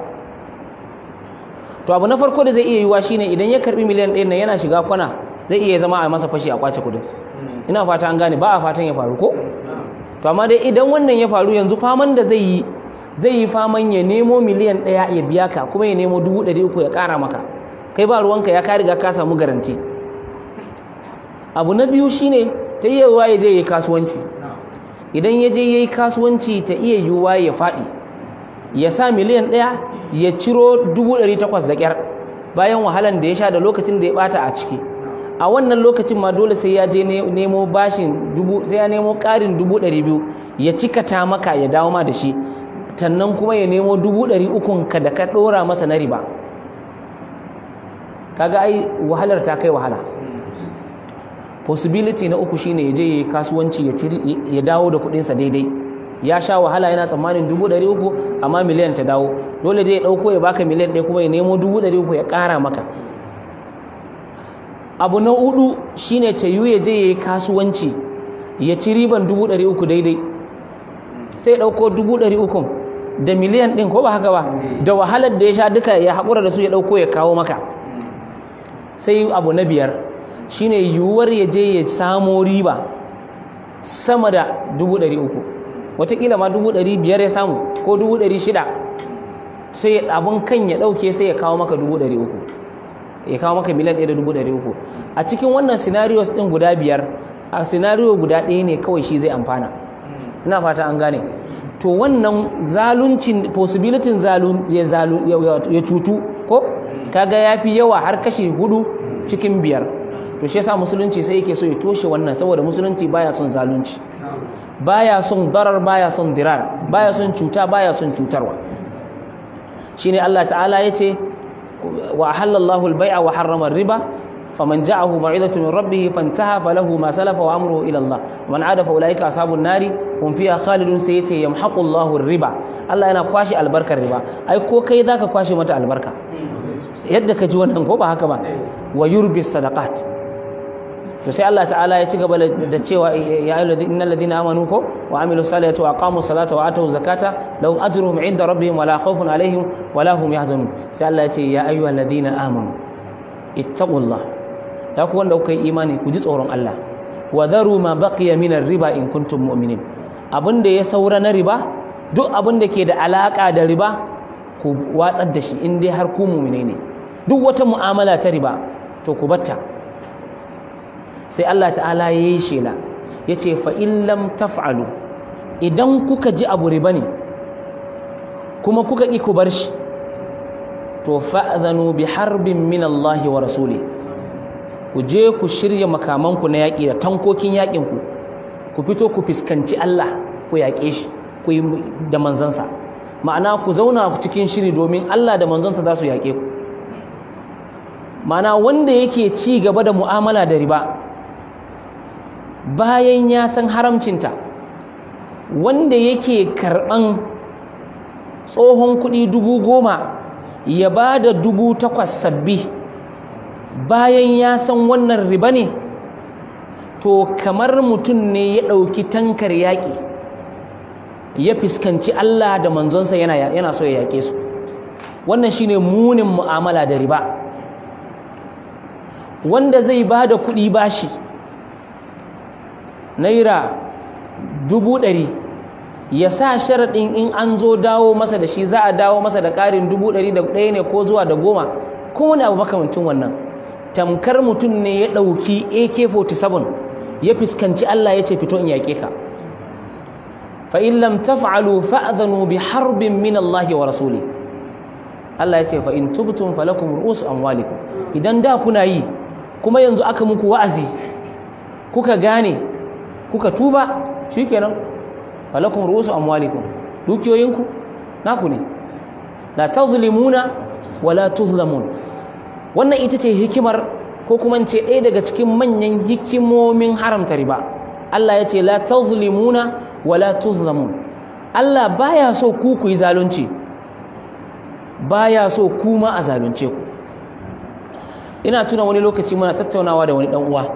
to abu na farko da zai iya yiwuwa shine idan ya karbi miliyan ɗaya nan yana shiga kwana zai iya zama a masa fashi a kwace kuɗin ina fata an gane ba a fatan ya faru ko to amma dai idan wannan ya faru yanzu faman da zai yi zai yi faman ya nemo miliyan ɗaya ya biya ka kuma ya nemo dubu ɗari uku ya ƙara maka kai ba ruwanka ya kariga ka samu garanti abu na biyu shine ta iya yiwuwa ya je ya yi kasuwanci idan ya je ya yi kasuwanci ta iya yiwuwa ya faɗi ya sa miliyan ɗaya ya ciro dubu ɗari takwas da ƙyar bayan wahalan da ya sha da lokacin da ya ɓata a ciki a wannan lokacin ma dole sai ya je nemo bashin dubu sai ya nemo ƙarin dubu ɗari biyu ya cika ta maka ya dawo ma da shi sannan kuma ya nemo dubu ɗari ukun ka da ka ɗora masa na riba kaga ai wahalar ta kai wahala possibility na uku shine ya je ya yi kasuwanci ya dawo da kuɗinsa daidai ya sha wahala yana tsammanin dubu ɗari uku amma miliyan ta dawo dole zai ya ɗauko ya baka miliyan ɗaya kuma ya nemo dubu ɗari uku ya ƙara maka abu na hudu shine ta yiwu ya je ya yi kasuwanci ya ci riban dubu ɗari uku daidai sai ɗauko dubu ɗari ukun da miliyan ɗin ko ba haka ba da wahalar da ya sha duka ya haƙura da su ya ɗauko ya kawo maka sai abu na biyar shine yiwuwar ya je ya samo riba sama da dubu ɗari uku wataƙila ma dubu ɗari biyar ya samu ko dubu ɗari shida sai abin kan ya ɗauke sai ya kawo maka dubu ɗari uku ya kawo maka miliyan ɗaya da dubu ɗari uku a cikin wannan scenarios ɗin guda biyar a scenario guda ɗaya ne kawai shi zai amfana ina fata an gane to wannan zaluncin possibility zalun ya zalun ya cutu ko kaga yafi yawa har kashi hudu cikin biyar to shi yasa musulunci sai yake so ya toshe wannan saboda musulunci baya son zalunci baya son darar baya son dirar baya son cuta baya son cutarwa shine Allah ta'ala yace wa halallahu al-bai'a wa harrama riba faman ja'ahu mau'izatu min rabbih fantaha falahu masalafa salafa wa amruhu ila Allah man ada fa ulaika sabun nari hum fiha khalidun sai yace yamhaqu Allahu riba Allah yana kwashi albarkar riba ai ko kai zaka kwashe mata albarka yadda ka ji wannan ko ba haka ba wa yurbi sadaqat to sai Allah ta'ala ya ci gaba da cewa ya innal ladina amanu ko wa amilu salihati wa aqamu salata wa atu zakata lahum ajruhum inda rabbihim wala khawfun alaihim wala hum yahzanun sai Allah ya ce a ayyuhal ladina amanu ittaqullah da ku wanda kuka yi imani ku ji tsoron Allah wa dharu ma baqiya min riba in kuntum mu'minin abinda ya saura na riba duk abinda ke da alaka da riba ku watsar da shi in dai har ku mu'mine ne duk wata mu'amala ta riba to ku batta sai Allah ta'ala yayi shela yace fa in lam taf'alu idan kuka ji abu riba ne kuma kuka ki ku bar shi to fa'zanu bi harbin min Allah wa rasuli ku je ku shirya makamanku na yaƙi da tankokin yaƙinku ku fito ku fuskanci Allah ku yaƙe shi ku yi da manzansa ma'ana ku zauna cikin shiri domin Allah da manzansa za su yaƙe ku ma'ana wanda yake ci gaba da mu'amala da riba bayan ya san haramcinta wanda yake karɓan tsohon kuɗi dubu goma ya ba da dubu takwas sabbi bayan ya san wannan riba ne to kamar mutum ne ya ɗauki tankar yaƙi ya fuskanci Allah da manzonsa yana so ya yaƙe su wannan shi ne munin mu'amala da riba wanda zai ba da kuɗi bashi naira dubu ɗari ya sa sharaɗin in an zo dawo masa da shi za a dawo masa da ƙarin dubu ɗari da ɗaya ne ko zuwa da goma ko wani abu makamancin wannan tamkar mutum ne ya ɗauki AK47 ya fuskanci Allah ya ce fito in yaƙe ka fa in lam taf'alu fa'dhanu bi harbin min Allah wa rasuli Allah ya ce fa in tubtum falakum an amwalikum idan da kuna yi kuma yanzu aka muku wa'azi kuka gane kuka tuba shikenan falakum an amwalikum dukiyoyinku naku ne la tazlimuna wala tuzlamun wannan ita ce hikimar ko kuma ce ɗaya daga cikin manyan hikimomin haramta riba Allah ya ce la tazlimuna wa la tuzlamun Allah baya so ku ku yi zalunci baya so ku ma a zalunce ku ina tuna wani lokaci muna tattaunawa da wani dan uwa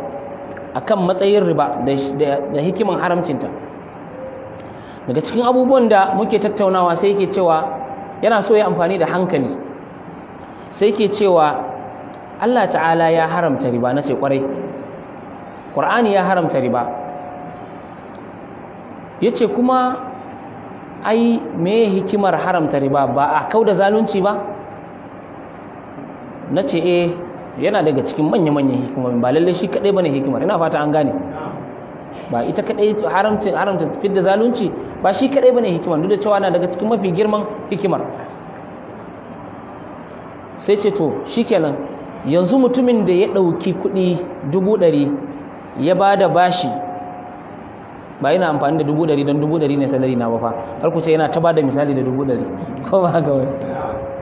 akan matsayin riba da hikiman haramcinta daga cikin abubuwan da muke tattaunawa sai yake cewa yana so ya amfani da hankali sai yake cewa Allah ta'ala ya haramta riba na ce ƙwarai. ƙwar'ani ya haramta riba ya ce kuma ai me hikimar haramta riba ba a kau da zalunci ba na ce eh yana daga cikin manya-manyan hikimar ba lallai shi kaɗai ba ne hikimar ina fata an gane ba ita kadai haramta haramta da zalunci ba shi kadai bane hikimar duk da cewa na daga cikin mafi girman hikimar sai ce to shi kenan yanzu mutumin da ya ɗauki kuɗi dubu ɗari ya ba da bashi ba yana amfani da dubu ɗari don dubu ɗari ne salari na ba fa har kusa ce yana ta ba da misali da dubu ɗari ko ba ga wani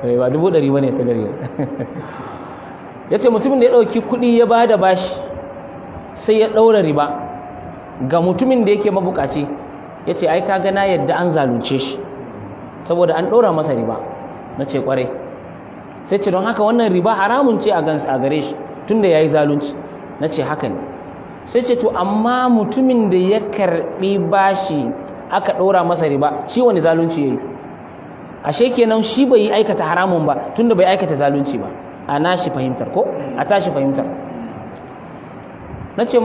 eh, ba dubu ɗari ba ne salari ya ce mutumin da ya ɗauki kuɗi ya ba da bashi sai ya ɗaura riba ga mutumin da yake mabukaci ya ce ai ka gana yadda an zalunce shi saboda an ɗora masa riba na ce ƙwarai sai ce don haka wannan riba haramun ce a gare shi tunda yi zalunci Na ce haka ne sai ce to amma mutumin da ya karbi bashi aka ɗora masa riba shi wani zalunci ya yi. ashe kenan shi bai yi aikata haramun ba tunda bai aikata zalunci ba a nashi fahimtar ko a tashi fahimtar Na ce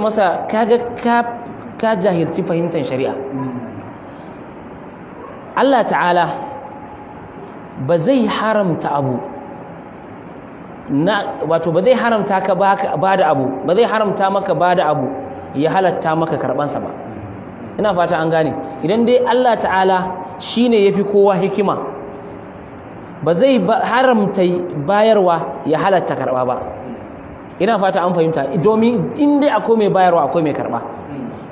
masa kaga ka ka jahilci fahimtar shari'a hmm. Allah ta'ala ba zai haramta abu na wato ba zai haramta ka ba da abu ba zai haramta maka ba da abu ya halatta maka karɓansa ba ina fata an gane idan dai Allah ta'ala shi shine yafi kowa hikima ba zai haramta bayarwa ya halatta karɓa ba ina fata an fahimta domin in dai akwai mai bayarwa akwai mai karba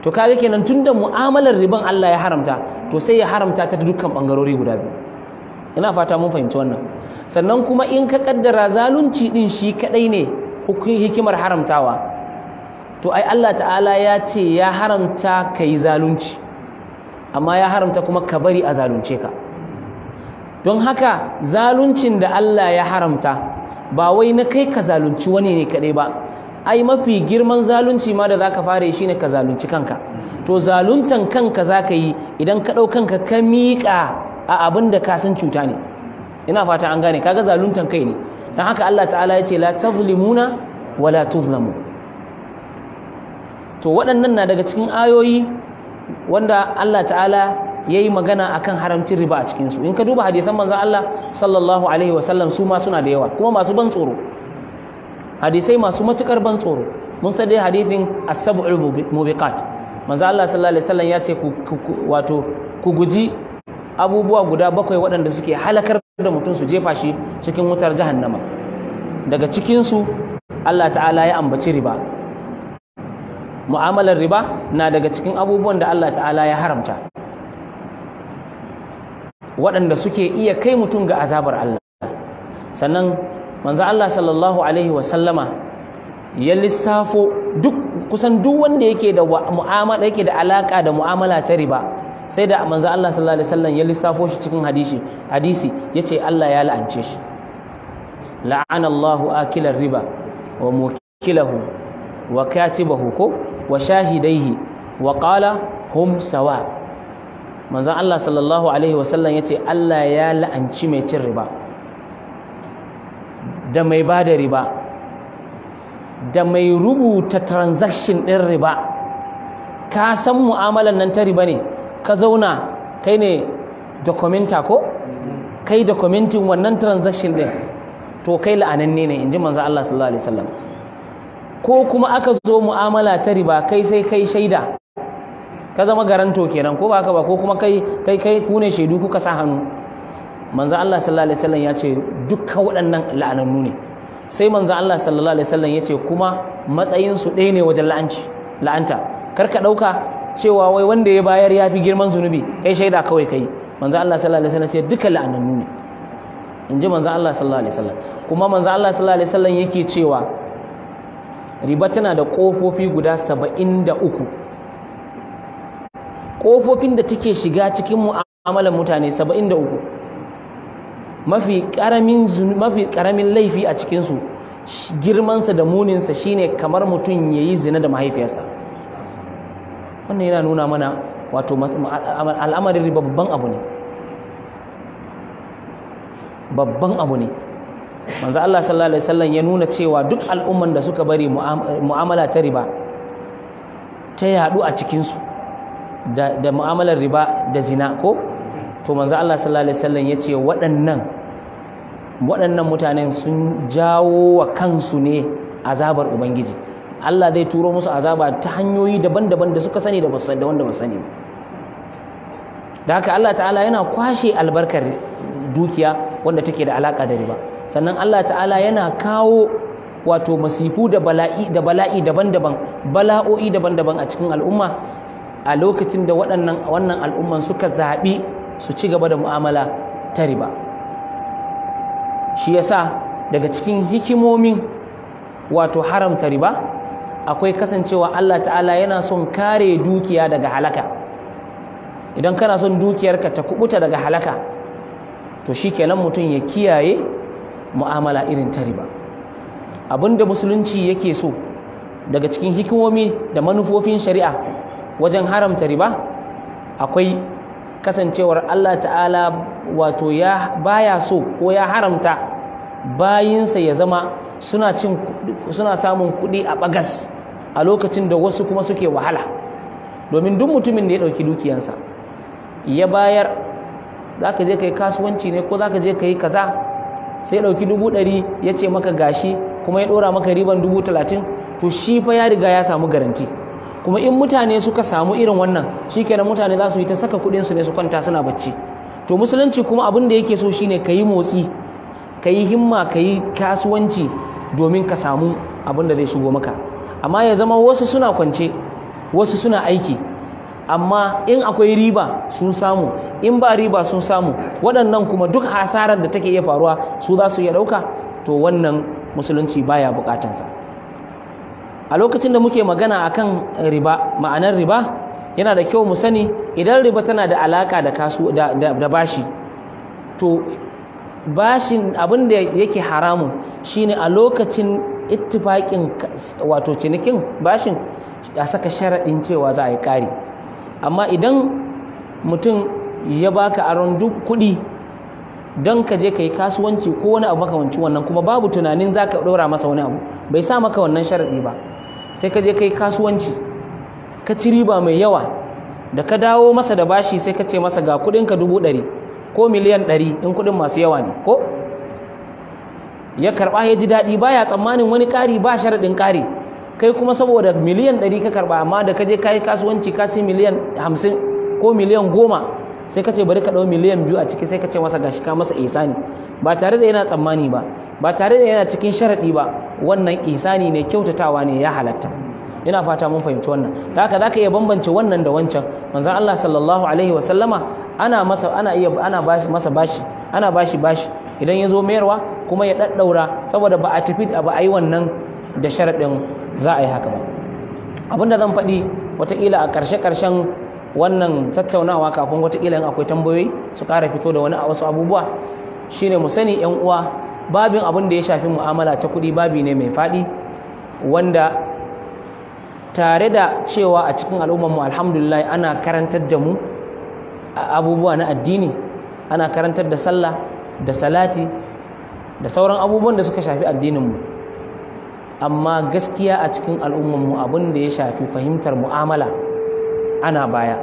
to kaga kenan tunda mu'amalar riban Allah ya haramta to sai ya haramta ta dukkan bangarori guda biyu ina fata mun fahimci wannan sannan kuma in ka kaddara zalunci din shi kadai ne hikimar haramtawa to ai Allah ta'ala ya ce ya haramta kai zalunci amma ya haramta kuma ka bari a zalunce ka don haka zaluncin da Allah ya haramta ba wai na kai ka zalunci wani ne kadai ba ai mafi girman zalunci ma da zaka fara shi ne ka zalunci kanka to zaluntan kanka zaka yi idan ka ɗau kanka ka miƙa a abin da ka san cuta ne ina fata an gane kaga zaluntan kai ne dan haka Allah ta'ala ya ce la tazlimuna wala tuzlamu to waɗannan na daga cikin ayoyi wanda Allah ta'ala yayi magana akan haramcin riba a cikinsu in ka duba hadisan manzon Allah sallallahu alaihi wasallam su ma suna da yawa kuma masu ban tsoro hadisai masu matukar ban tsoro mun sai dai hadisin as-sab'ul mubiqat manzan Allah sallallahu alaihi wasallam ya ce ku wato ku guji abubuwa guda bakwai waɗanda suke halakar da mutum su jefa shi cikin wutar jahannama daga cikinsu Allah ta'ala ya ambaci riba mu'amalar riba na daga cikin abubuwan da Allah ta'ala ya haramta waɗanda suke iya kai mutum ga azabar Allah sannan manzo Allah sallallahu alaihi wasallama ya lissafo duk kusan duk wanda yake da mu'amala yake da alaka da mu'amala ta riba sai da manzo Allah sallallahu alaihi wasallam ya lissafo shi cikin hadisi hadisi yace Allah ya la'ance shi la'ana Allahu akilar riba wa mukilahu wa katibahu ko wa shahidaihi wa qala hum sawa manzo Allah sallallahu alaihi wasallam yace Allah ya la'anci mai cin riba da mai bada riba da mai rubuta transaction din riba ka san mu'amalan nan ta riba ne ka zauna kai ne dokumenta ko kai dokumentin wannan transaction din to kai la'ananne ne inji manzo Allah sallallahu alaihi wasallam ko kuma aka zo mu'amala ta riba kai sai kai shaida ka zama garanto kenan ko ba ba ko kuma kai kai kai ku ne shaidu kuka sa hannu manzo Allah sallallahu alaihi wasallam ya ce dukkan waɗannan la'anannu ne sai manzo Allah sallallahu alaihi wasallam ya ce kuma matsayin su ɗaya ne wajen la'anci la'anta kar ka ɗauka cewa wai wanda ya bayar ya fi girman zunubi kai shaida kawai kai manzo Allah sallallahu alaihi wasallam ce duka la'anannu ne in ji manzo Allah sallallahu alaihi wasallam kuma manzo Allah sallallahu alaihi wasallam yake cewa riba tana da kofofi guda 73 kofofin da take shiga cikin mu'amalar mutane 73 mafi karamin mafi karamin laifi a cikin su girmansa da muninsa shine kamar mutum yayi zina da mahaifiyarsa wannan yana nuna mana wato al'amarin riba babban abu ne babban abu ne manzo Allah sallallahu alaihi wasallam ya nuna cewa duk al'umman da suka bari mu'amala ta riba ta yadu a cikin su da, da mu'amalar riba da zina ko to manzo Allah sallallahu alaihi wasallam ya ce waɗannan waɗannan mutanen sun jawo wa kansu ne azabar ubangiji Allah zai turo musu azaba ta hanyoyi daban-daban da suka sani da basu da wanda ba sani da haka Allah ta'ala yana kwashe albarkar dukiya wanda take da alaka da riba sannan Allah ta'ala yana kawo wato masifu da bala'i da bala'i daban-daban bala'o'i daban-daban a cikin al'umma a lokacin da waɗannan wannan al'umman suka zaɓi su ci gaba da mu'amala ta riba shi yasa daga cikin hikimomin wato haramta riba akwai kasancewa Allah ta'ala yana son kare dukiya daga halaka idan kana son dukiyarka ta kubuta daga halaka to shikenan mutum ya kiyaye mu'amala irin ta riba abinda musulunci yake so daga cikin hikimomi da manufofin shari'a wajen haramta riba akwai kasancewar Allah ta'ala wato ya baya so ko ya haramta bayinsa ya zama suna samun kuɗi a bagas a lokacin da wasu kuma suke wahala domin duk mutumin da ya ɗauki dukiyansa ya bayar za ka je ka yi kasuwanci ne ko za ka je ka yi kaza sai ya ɗauki dubu ɗari ya ce maka gashi kuma ya ɗora maka riban dubu talatin to shi fa ya riga ya samu garanti kuma in mutane suka samu irin wannan shi shikenan mutane za su yi ta saka kuɗinsu ne su kwanta suna bacci to musulunci kuma abin da yake so shine ka yi motsi ka yi himma ka yi kasuwanci domin ka samu abin da zai shigo maka amma ya zama wasu suna kwance wasu suna aiki amma in akwai riba sun samu in ba riba sun samu waɗannan kuma duk hasarar da take iya faruwa su za su iya ɗauka to wannan musulunci baya buƙatansa a lokacin da muke magana a kan riba ma'anar riba yana da kyau mu sani idan riba tana da alaƙa da bashi to bashin abin da yake haramun shine a lokacin ittifaƙin wato cinikin bashin a saka sharaɗin cewa za a yi ƙari amma idan mutum ya baka aron duk kuɗi don ka je ka yi kasuwanci ko wani abu makamanci wannan kuma babu tunanin za ka ɗora masa wani abu bai sa maka wannan sharaɗi ba sai ka je ka yi kasuwanci ka ci riba mai yawa da ka dawo masa da bashi sai ka ce masa ga kuɗinka dubu ɗari ko miliyan ɗari in kuɗin masu yawa ne ko ya karɓa ya ji daɗi ba ya tsammanin wani ƙari ba sharaɗin ƙari kai kuma saboda miliyan ɗari ka karɓa amma da ka je ka yi kasuwanci ka ci miliyan hamsin ko miliyan goma sai ka ce bari ka ɗau miliyan biyu a ciki sai ka ce masa gashi ka masa ihsani ba tare da yana tsammani ba ba tare da yana cikin sharaɗi ba wannan ihsani ne kyautatawa ne ya halatta ina fata mun fahimci wannan da haka zaka iya bambance wannan da wancan manzon Allah sallallahu alaihi wasallama ana masa ana iya ana bashi masa bashi ana bashi bashi idan ya zo mayarwa kuma ya daddaura saboda ba a tafi ba a yi wannan da sharaɗin za a yi haka ba abinda zan faɗi wataƙila a ƙarshe-ƙarshen wannan tattaunawa kafin wataƙila in akwai tambayoyi su ƙara fito da wani wasu abubuwa shine mu sani yan uwa babin abin da ya shafi mu'amala ta kuɗi babi ne mai faɗi wanda tare da cewa a cikin al'ummar mu alhamdulillah ana karantar da mu abubuwa na addini ana karantar da sallah da salati da sauran abubuwan da suka shafi addininmu amma gaskiya a cikin al'ummanmu abin da ya shafi fahimtar mu'amala ana baya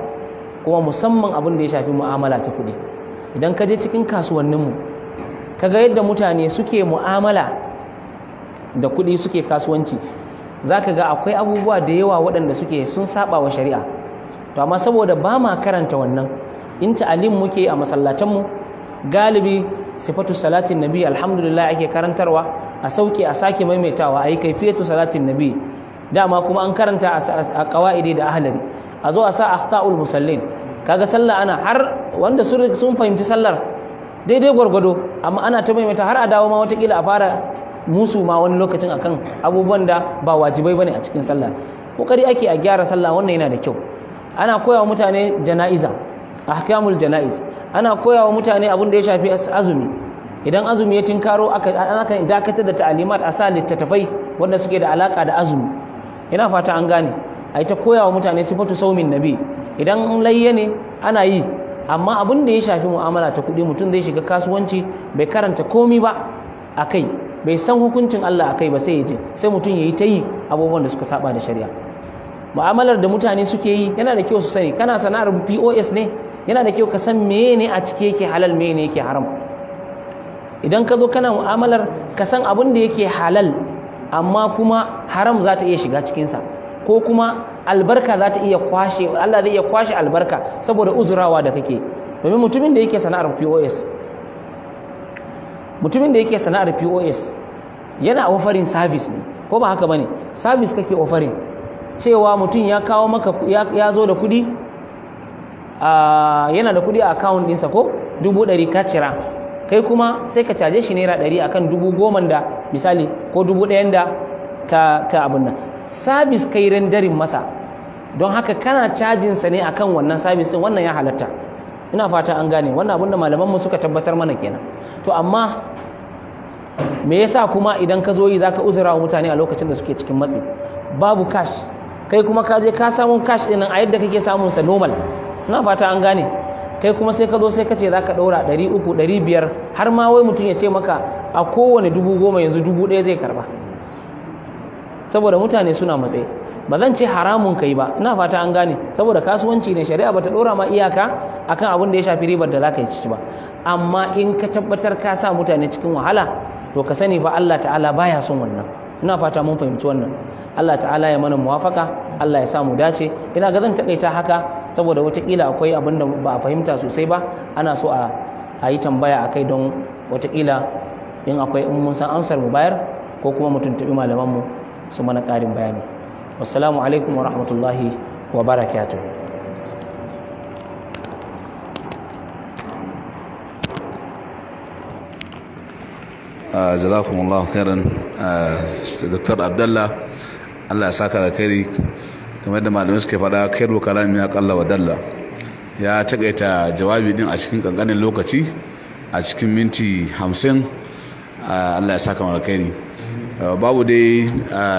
kuma musamman abin da ya shafi mu'amala ta kuɗi idan ka je cikin kasuwanninmu ka ga yadda mutane suke mu'amala da kuɗi suke kasuwanci za ka ga akwai abubuwa da yawa waɗanda suke sun saba wa shari'a to amma saboda ba ma karanta wannan in ta'alim muke a masallatanmu galibi sifatu salatin nabi alhamdulillah ake karantarwa a sauke a sake maimaitawa ayi kaifiyatu salatin nabi dama kuma an karanta a qawaidi da ahlari a zo a sa akhta'ul musallin kaga sallah ana har wanda sun fahimci sallar daidai gwargwado amma ana ta maimaita har a dawo ma watakila a fara musu ma wani lokacin akan abubuwan da ba wajibai bane a cikin sallah kokari ake a gyara sallah wannan yana da kyau ana koyawa mutane jana'iza ahkamul janaiz ana koyawa mutane abin da ya shafi azumi idan azumi ya tinkaro aka aka dakatar da ta'alimat a sa littattafai wanda suke da alaka da azumi ina fata an gane ai ta koyawa mutane sifatu saumin nabi idan layya ne ana yi amma abun da ya shafi mu'amala ta kuɗi mutum zai shiga kasuwanci bai karanta komi ba akai bai san hukuncin Allah akai ba sai ya je sai mutum ya yi ta yi abubuwan da suka saba da shari'a mu'amalar da mutane suke yi yana da kyau su sani kana sana'ar POS ne yana da kyau ka san mene a ciki yake halal mene yake haram idan ka zo kana mu'amalar ka san abin da yake halal amma kuma haram za ta iya shiga cikinsa ko kuma albarka za ta iya kwashe Allah zai iya kwashe albarka saboda uzurawa da kake domin mutumin da yake sana'ar POS mutumin da yake sana'ar POS yana offering service ne ko ba haka bane service kake offering cewa mutum ya kawo maka ya zo da kuɗi Ah, yana da kuɗi a account ɗinsa ko dubu ɗari ka cira kai kuma sai ka caje shi naira ɗari akan dubu goma da misali ko dubu ɗayan da ka, abin nan sabis kai rendering masa don haka kana sa ne akan wannan sabis ɗin wannan ya halatta ina fata an gane wannan abin da malamanmu suka tabbatar mana kenan to amma me yasa kuma idan ka zo yi zaka uzura wa mutane a lokacin da suke cikin matsi babu cash kai kuma ka je ka samu cash din a yadda kake samun sa normal ina fata an gane kai kuma sai ka zo sai ka ce za ka ɗaura ɗari uku ɗari biyar har ma wai mutum ya ce maka a kowane dubu goma yanzu dubu ɗaya zai karba saboda mutane suna matsayi ba zan ce haramun kai ba ina fata an gane saboda kasuwanci ne shari'a ba ta ɗora ma iyaka akan abin da ya shafi ribar da za ka yi ci ba amma in ka tabbatar ka sa mutane cikin wahala to ka sani fa Allah ta'ala baya son wannan ina fata mun fahimci wannan Allah ta'ala ya mana muwafaka Allah ya sa mu dace ina ga zan takaita haka saboda watakila akwai abin da ba a fahimta sosai ba ana so a yi tambaya a kai don watakila in akwai in mun san amsar mu bayar ko kuma mu tuntuɓi malamanmu su mana ƙarin bayani wassalamu alaikum wa rahmatullahi wa barakatuh ah, jazakumullahu khairan ah, dr abdullah allah ya saka da kai kamar yadda malamai suke faɗa kairu kalami ya kalla wa dalla ya takaita jawabi ɗin a cikin kankanin lokaci a cikin minti hamsin allah ya saka kai ne. babu dai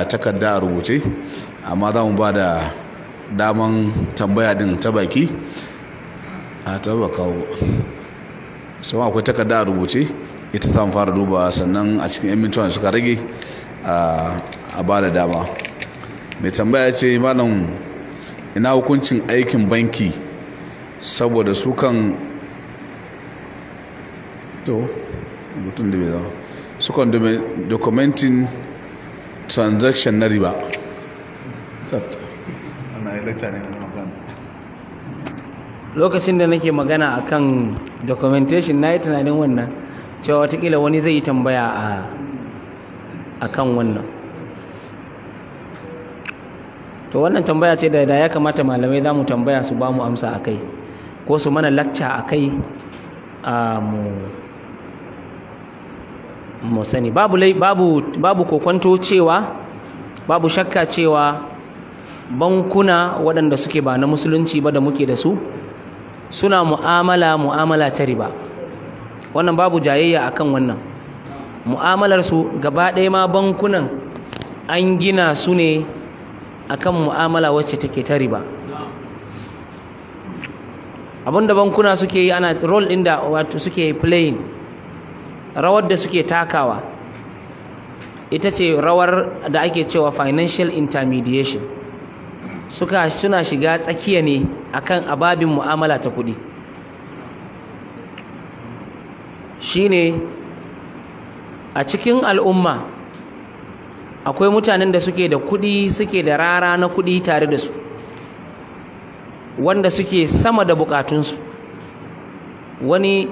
takarda a rubuce amma za mu ba da daman tambaya din ta baki a ta kawo sau akwai takarda a rubuce ita ta fara duba sannan a cikin 'yan mintuwan suka rage a ba da dama mai tambaya ce malam ina hukuncin aikin banki saboda su kan to mutum da bai zama su kan documentin transaction na riba lokacin da nake magana akan documentation na yi tunanin wannan cewa watakila wani zai yi tambaya a kan wannan to wannan tambaya ce da ya kamata malamai za mu tambaya su ba mu amsa a kai ko su mana lakca a kai a mu sani babu babu cewa babu shakka cewa bankuna waɗanda suke ba na musulunci ba da muke da su suna mu'amala mu'amala ta riba wannan babu jayayya a kan wannan Mu'amalarsu gaba ɗaya ma bankunan an gina su ne akan mu'amala wacce take ta riba abinda bankuna suke yi ana role ɗin da wato suke playing rawar da suke takawa ita ce rawar da ake cewa financial intermediation suka suna shiga tsakiya ne akan ababin mu'amala ta kuɗi shine a cikin al'umma akwai mutanen da suke da kuɗi suke da rara na kuɗi tare da su wanda suke sama da bukatunsu wani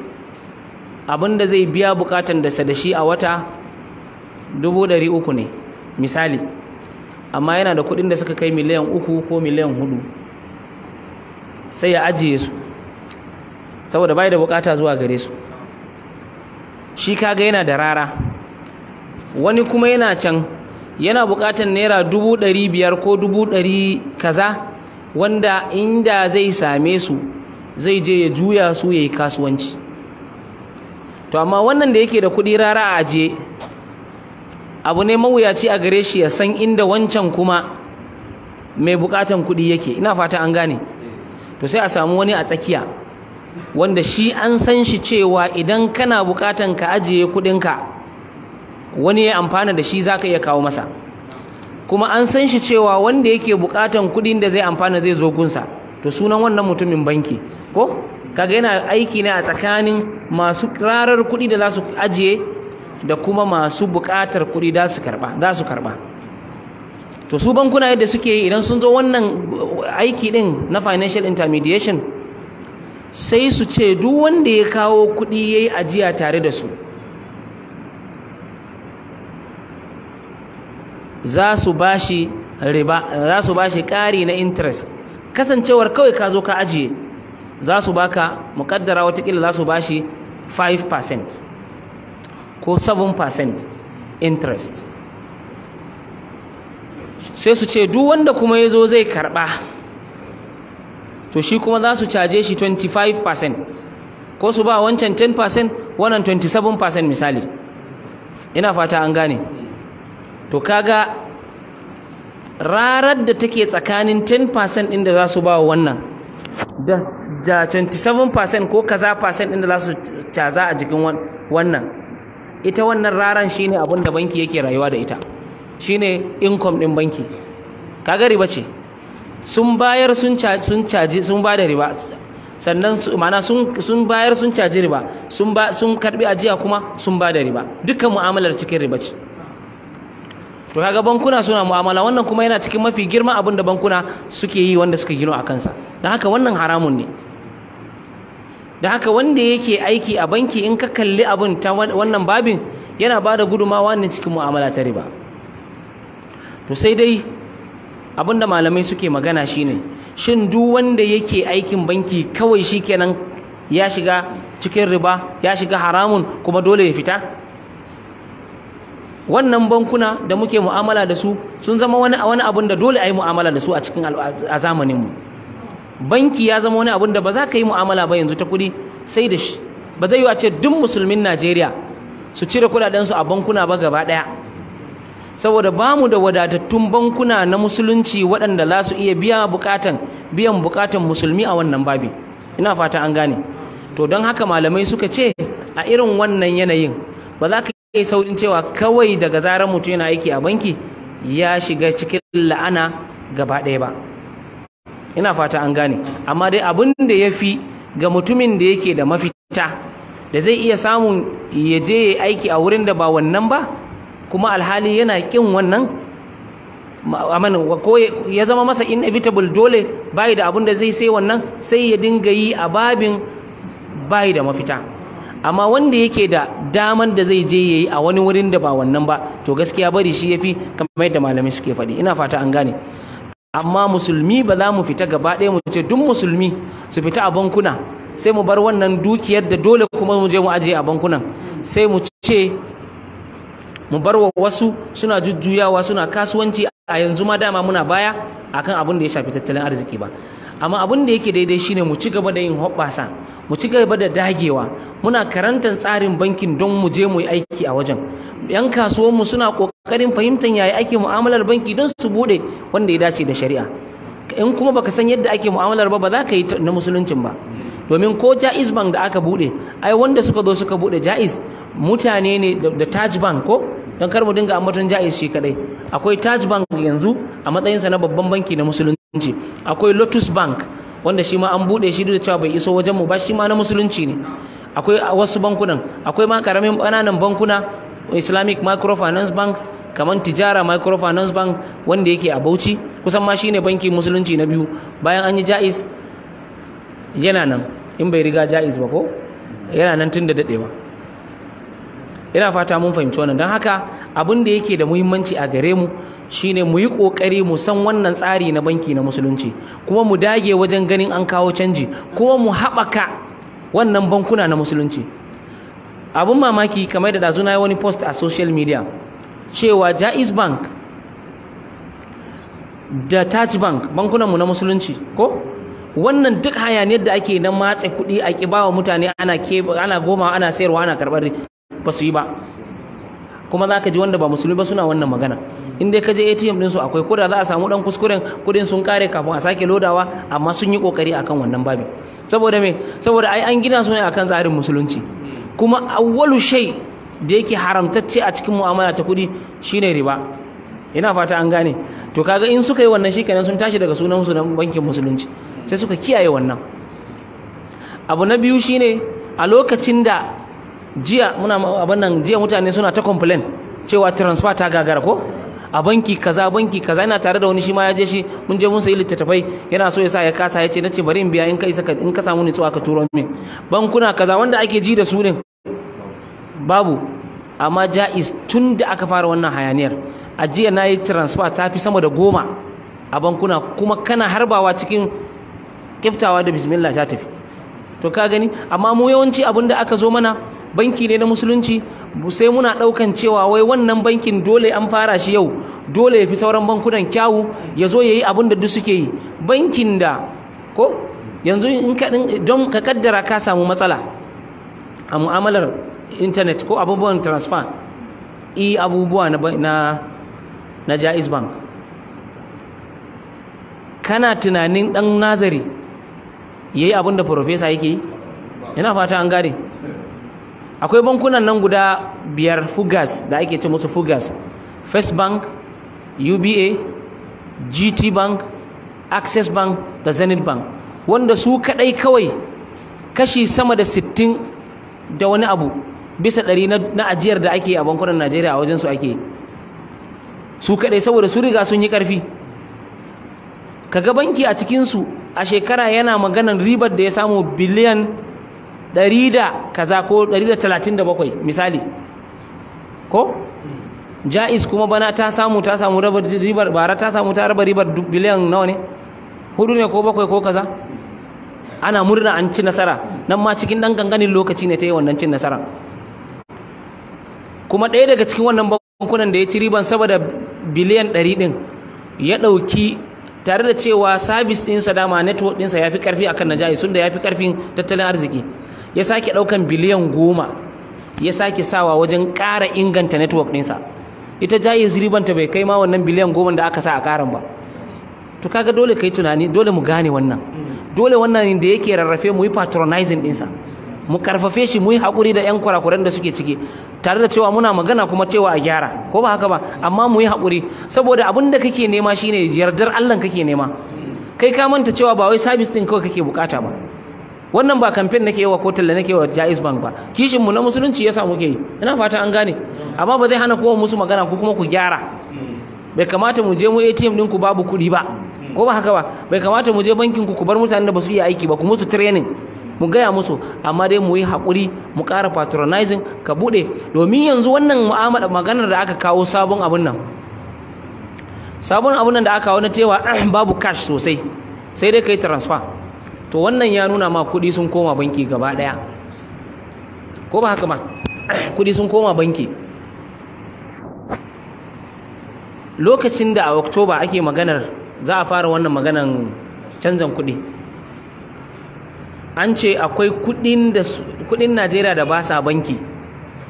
abin da zai biya bukatan da shi a wata dubu uku ne misali amma yana da kuɗin da suka kai miliyan uku ko miliyan hudu sai ya ajiye su saboda bai da bukata zuwa gare su shi kaga yana da rara wani kuma yana can yana buƙatar naira dubu ɗari biyar ko dubu ɗari kaza wanda inda zai same su zai je ya juya su ya yi kasuwanci to amma wannan da yake da kuɗi rara a ajiye abu ne mawuyaci a gare shi ya san inda wancan kuma mai buƙatan kuɗi yake ina fata an gane to sai a samu wani a tsakiya wanda shi an san shi cewa idan kana buƙatan ka ajiye kuɗinka wani ya amfana da shi zaka iya kawo masa kuma an san shi cewa wanda yake bukatan kuɗi da zai amfana zai zo gunsa to sunan wannan mutumin banki ko kaga yana aiki ne a tsakanin masu rarar kuɗi da za su ajiye da kuma masu bukatar kuɗi da su karba za su karɓa to su bankuna yadda suke yi idan sun zo wannan aiki ɗin na financial intermediation sai su ce duk wanda ya kawo kuɗi yayi ajiya tare da su za su ba riba ƙari na interest kasancewar kawai ka zo ka ajiye za su baka muƙaddara watakila za su ba shi 5% ko 7% interest sai su ce duk wanda kuma ya zo zai karɓa to shi kuma za su caje shi 25% ko su ba wancan 10% wannan 27% misali ina fata an gane to kaga rarar da take tsakanin 10% din da za su ba wa wannan da 27% ko kaza percent ɗin da za su caza a jikin wannan ita wannan raran shine abin da banki yake rayuwa da ita shine income ɗin banki kaga riba ce sun bayar sun caji sun ba da riba sannan ma'ana sun bayar sun caji riba sun karbi ajiya kuma sun ba da riba dukkan mu'amalar cikin riba ce to kaga bankuna suna mu'amala wannan kuma yana cikin mafi girma abin da bankuna suke yi wanda suka gino a kansa don haka wannan haramun ne da haka wanda yake aiki a banki in ka kalli abin ta wannan babin yana ba da gudumawa ne cikin mu'amala ta riba to sai dai abin da malamai suke magana shine shin duk wanda yake aikin banki kawai shikenan ya shiga cikin riba ya shiga haramun kuma dole ya fita wannan bankuna da muke mu'amala da su sun zama wani wani abin da dole a yi mu'amala da su a cikin a zamanin mu banki ya zama wani abin da ba za ka yi mu'amala ba yanzu ta kuɗi sai da shi ba zai yi ce duk musulmin Najeriya su cire kuɗaɗen su a bankuna ba gaba ɗaya saboda bamu da wadatattun bankuna na musulunci waɗanda za su iya biya bukatan biyan bukatan musulmi a wannan babi ina fata an gane to don haka malamai suka ce a irin wannan yanayin ba za ka yi saurin cewa kawai daga zarar mutum yana aiki a banki ya shiga cikin la'ana gaba ɗaya ba ina fata an gane amma dai abin da ya fi ga mutumin da yake da mafita da zai iya samun ya je ya aiki a wurin da ba wannan ba kuma alhali yana ƙin wannan ko ya zama masa inevitable dole bayi da abin da zai sai wannan sai ya dinga yi a babin bayi da mafita amma wanda yake da daman da zai je yayi a wani wurin da ba wannan ba to gaskiya bari shi yafi kamar yadda malamai suke faɗi ina fata an gane amma musulmi ba za mu fita gaba ɗaya mu ce duk musulmi su fita a bankuna sai mu bar wannan dukiyar da dole kuma mu je mu ajiye a bankunan sai mu ce mu bar wa wasu suna jujjuyawa suna kasuwanci a yanzu ma dama muna baya akan abin da ya shafi tattalin arziki ba amma abin da yake daidai shine mu ci gaba da yin hoɓɓasa mu ci gaba da dagewa muna karantar tsarin bankin don mu je mu yi aiki a wajen yan mu suna kokarin fahimtar yayi ake mu'amalar banki don su bude wanda ya dace da shari'a in kuma baka san yadda ake mu'amalar ba ba za ka yi na musuluncin ba domin ko jaiz bank da aka bude ai wanda suka zo suka bude jaiz mutane ne da taj bank ko don kar mu dinga ambaton jaiz shi kadai akwai taj bank yanzu a matsayinsa na babban banki na musulunci akwai lotus bank wanda shi ma an buɗe shi da cewa bai iso wajen mu ba shi ma na musulunci ne akwai wasu bankunan akwai ma karamin ƙananan bankuna islamic microfinance banks kamar tijara microfinance bank wanda yake a bauchi kusan ma shine bankin musulunci na biyu bayan an yi jais yana nan in bai riga jaiz ba ko yana nan tun da daɗewa ina fata mun fahimci wannan don haka abin da yake da muhimmanci a gare mu shine mu yi kokari mu san wannan tsari na banki na musulunci kuma mu dage wajen ganin an kawo canji kuma mu haɓaka wannan bankuna na musulunci abin mamaki kamar da dazuna ya yi wani post a social media cewa jaiz bank da taj bank bankunanmu na musulunci ko wannan duk hayaniyar da ake na matse kuɗi a ƙibawa mutane ana goma ana sayarwa ana karɓar ba yi ba kuma za ka ji wanda ba musulmi ba suna wannan magana in dai ka je atm din su akwai koda za a samu dan kuskuren kudin sun kare kafin a sake lodawa amma sun yi kokari akan wannan babi saboda me saboda ai an gina su ne akan tsarin musulunci kuma awwalu shay da yake haramtacce a cikin mu'amala ta kuɗi shine riba ina fata an gane to kaga in suka yi wannan shikenan sun tashi daga sunan su na bankin musulunci sai suka kiyaye wannan abu na biyu shine a lokacin da jiya muna abin nan jiya mutane suna ta complain cewa transfer ta gagara ko a banki kaza banki kaza yana tare da wani shi ma ya je shi mun je mun sayi littattafai yana so ya sa ya kasa ya ce nace bari in biya in kai saka in ka samu ni tsawa ka turo min bankuna kaza wanda ake ji da su ne babu amma jaiz tun da aka fara wannan hayaniyar a jiya na yi transfer ta fi sama da goma a bankuna kuma kana harbawa cikin kiftawa da bismillah ta tafi to ka gani amma mu yawanci abin da aka zo mana banki ne na musulunci sai muna ɗaukan cewa wai wannan bankin dole an fara shi yau dole ya fi sauran bankunan kyawu ya zo ya yi abin da duk suke yi bankin da ko yanzu in ka don ka kaddara ka samu matsala a mu'amalar intanet ko abubuwan transfer i abubuwa na na, na jaiz bank kana tunanin ɗan nazari yayi abin da profesa yake yi. ina fata an gane akwai bankunan nan guda biyar fugas da ake ce musu fugas first bank uba gt bank access bank da zenith bank wanda su kadai kawai kashi sama da 60 da wani abu bisa ɗari na ajiyar da ake a bankunan najeriya a wajensu ake su kadai saboda su riga sun yi ƙarfi kaga banki a cikinsu a shekara yana maganan ribar da ya samu biliyan 100 da kaza ko 137 misali ko jais kuma bana ta samu ta samu rabar ribar bara ta samu ta raba ribar biliyan nawa ne hudu ne ko bakwai ko kaza ana murna an ci nasara nan ma cikin dan ganganin lokaci ne ta yi wannan cin nasara kuma ɗaya daga cikin wannan bankunan da ya ci riban saboda biliyan ɗari ɗin ya ɗauki tare da cewa sabis ɗinsa dama network ɗinsa ya fi ƙarfi akan na sun da ya fi ƙarfin tattalin arziki ya sake ɗaukan biliyan goma ya sake sawa wajen kara inganta network dinsa. ita jaiz ribanta bai kai ma wannan biliyan goma da aka sa a karan ba to kaga dole kai tunani dole mu gane wannan mm. dole wannan da yake rarrafe mu yi patronizing ɗinsa mu karfafe shi mu yi haƙuri da 'yan kurakuran da suke ciki tare da cewa muna magana kuma cewa a gyara ko ba haka ba amma mu yi haƙuri saboda abin da kake nema shine yardar Allah kake nema kai ka manta cewa ba wai service din kawai kake bukata ba wannan ba campaign nake yi wa ko talla nake yi wa Jaiz Bank ba kishin mu na musulunci yasa muke yi ina fata an gane amma ba zai hana kowa musu magana ko kuma ku gyara bai kamata mu je mu ATM ku babu kuɗi ba ko ba haka ba bai kamata mu je bankin ku ku bar mutanen da ba su iya aiki ba ku musu training mu gaya musu amma dai mu yi haƙuri mu ƙara patronizing ka buɗe domin yanzu wannan mu'amala maganar da aka kawo sabon abun nan sabon abun nan da aka kawo na cewa babu cash sosai sai dai kai transfer to wannan ya nuna ma kuɗi sun koma banki gaba ɗaya ko ba haka ma kuɗi sun koma banki lokacin da a oktoba ake maganar za a fara wannan maganan canzan kuɗi an ce akwai kuɗin najeriya da ba sa banki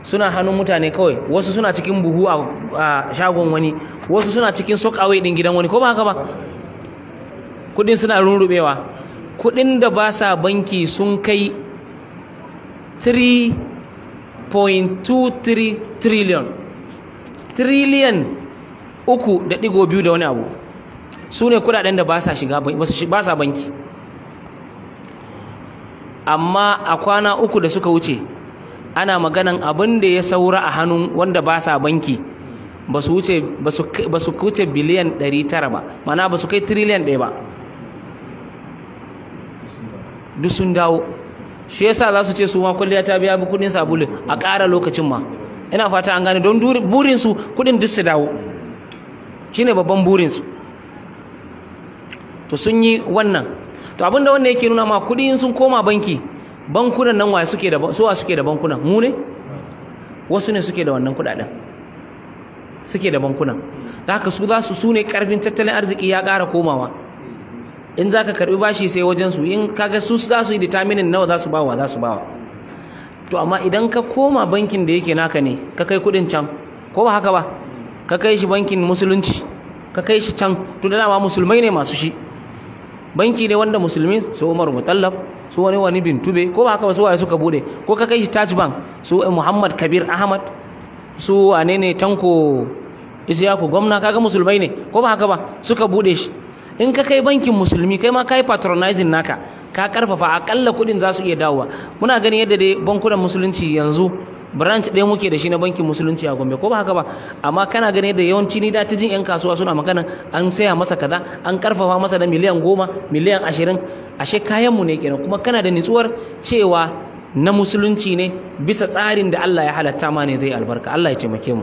suna hannun mutane kawai wasu suna cikin buhu a shagon wani wasu suna cikin sokawai ɗin gidan wani ko ba haka ba kuɗin suna rurrubewa kuɗin da ba sa banki sun kai 3.23 trillion trillion uku da ɗigo biyu da wani abu su ne kudaden da ba sa shiga ba sa banki amma a kwana uku da suka wuce ana maganan abin da ya saura a hannun wanda ba sa banki ba su wuce biliyan 900 ba mana ba su kai triliyan ɗaya ba duk sun dawo shi yasa za su ce su ma kulliya ta biya kudin sabulu a ƙara lokacin ma ina fata an gane don burinsu kudin duk su dawo shine babban burinsu to sun yi wannan to abinda wannan yake nuna ma kuɗi in sun koma banki bankunan nan waye suke da suwa suke da bankunan mu ne wasu ne suke da wannan kuɗaɗen suke da bankunan da haka su za su su ne ƙarfin tattalin arziki ya ƙara komawa in za ka karɓi bashi sai wajen su in kaga su za su yi determining nawa za su bawa za su bawa to amma idan ka koma bankin da yake naka ne ka kai kuɗin can ko ba haka ba ka kai shi bankin musulunci ka kai shi can to da dama musulmai ne masu shi banki ne wanda musulmi su Umar Mutallab su wani wani bin ko ba haka ba su waye suka bude ko ka kai shi Taj Bank su eh, Muhammad Kabir Ahmad su wane ne Tanko Isiyaku gwamna kaga musulmai ne ko ba haka ba suka bude shi in ka kai bankin musulmi kai ma kai patronizing naka ka karfafa akalla kudin za su iya dawowa muna ganin yadda dai bankunan musulunci yanzu branch ɗaya muke da shi na bankin musulunci a Gombe ko ba haka ba amma kana gane da yawanci ni da ta jin yan kasuwa suna magana an saya masa kaza an karfafa masa da miliyan goma miliyan ashirin ashe kayanmu ne kenan kuma kana da nitsuwar cewa na musulunci ne bisa tsarin da Allah ya halatta ma ne zai albarka Allah ya taimake mu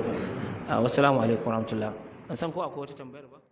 ah, ban san ko akwai wata tambayar ba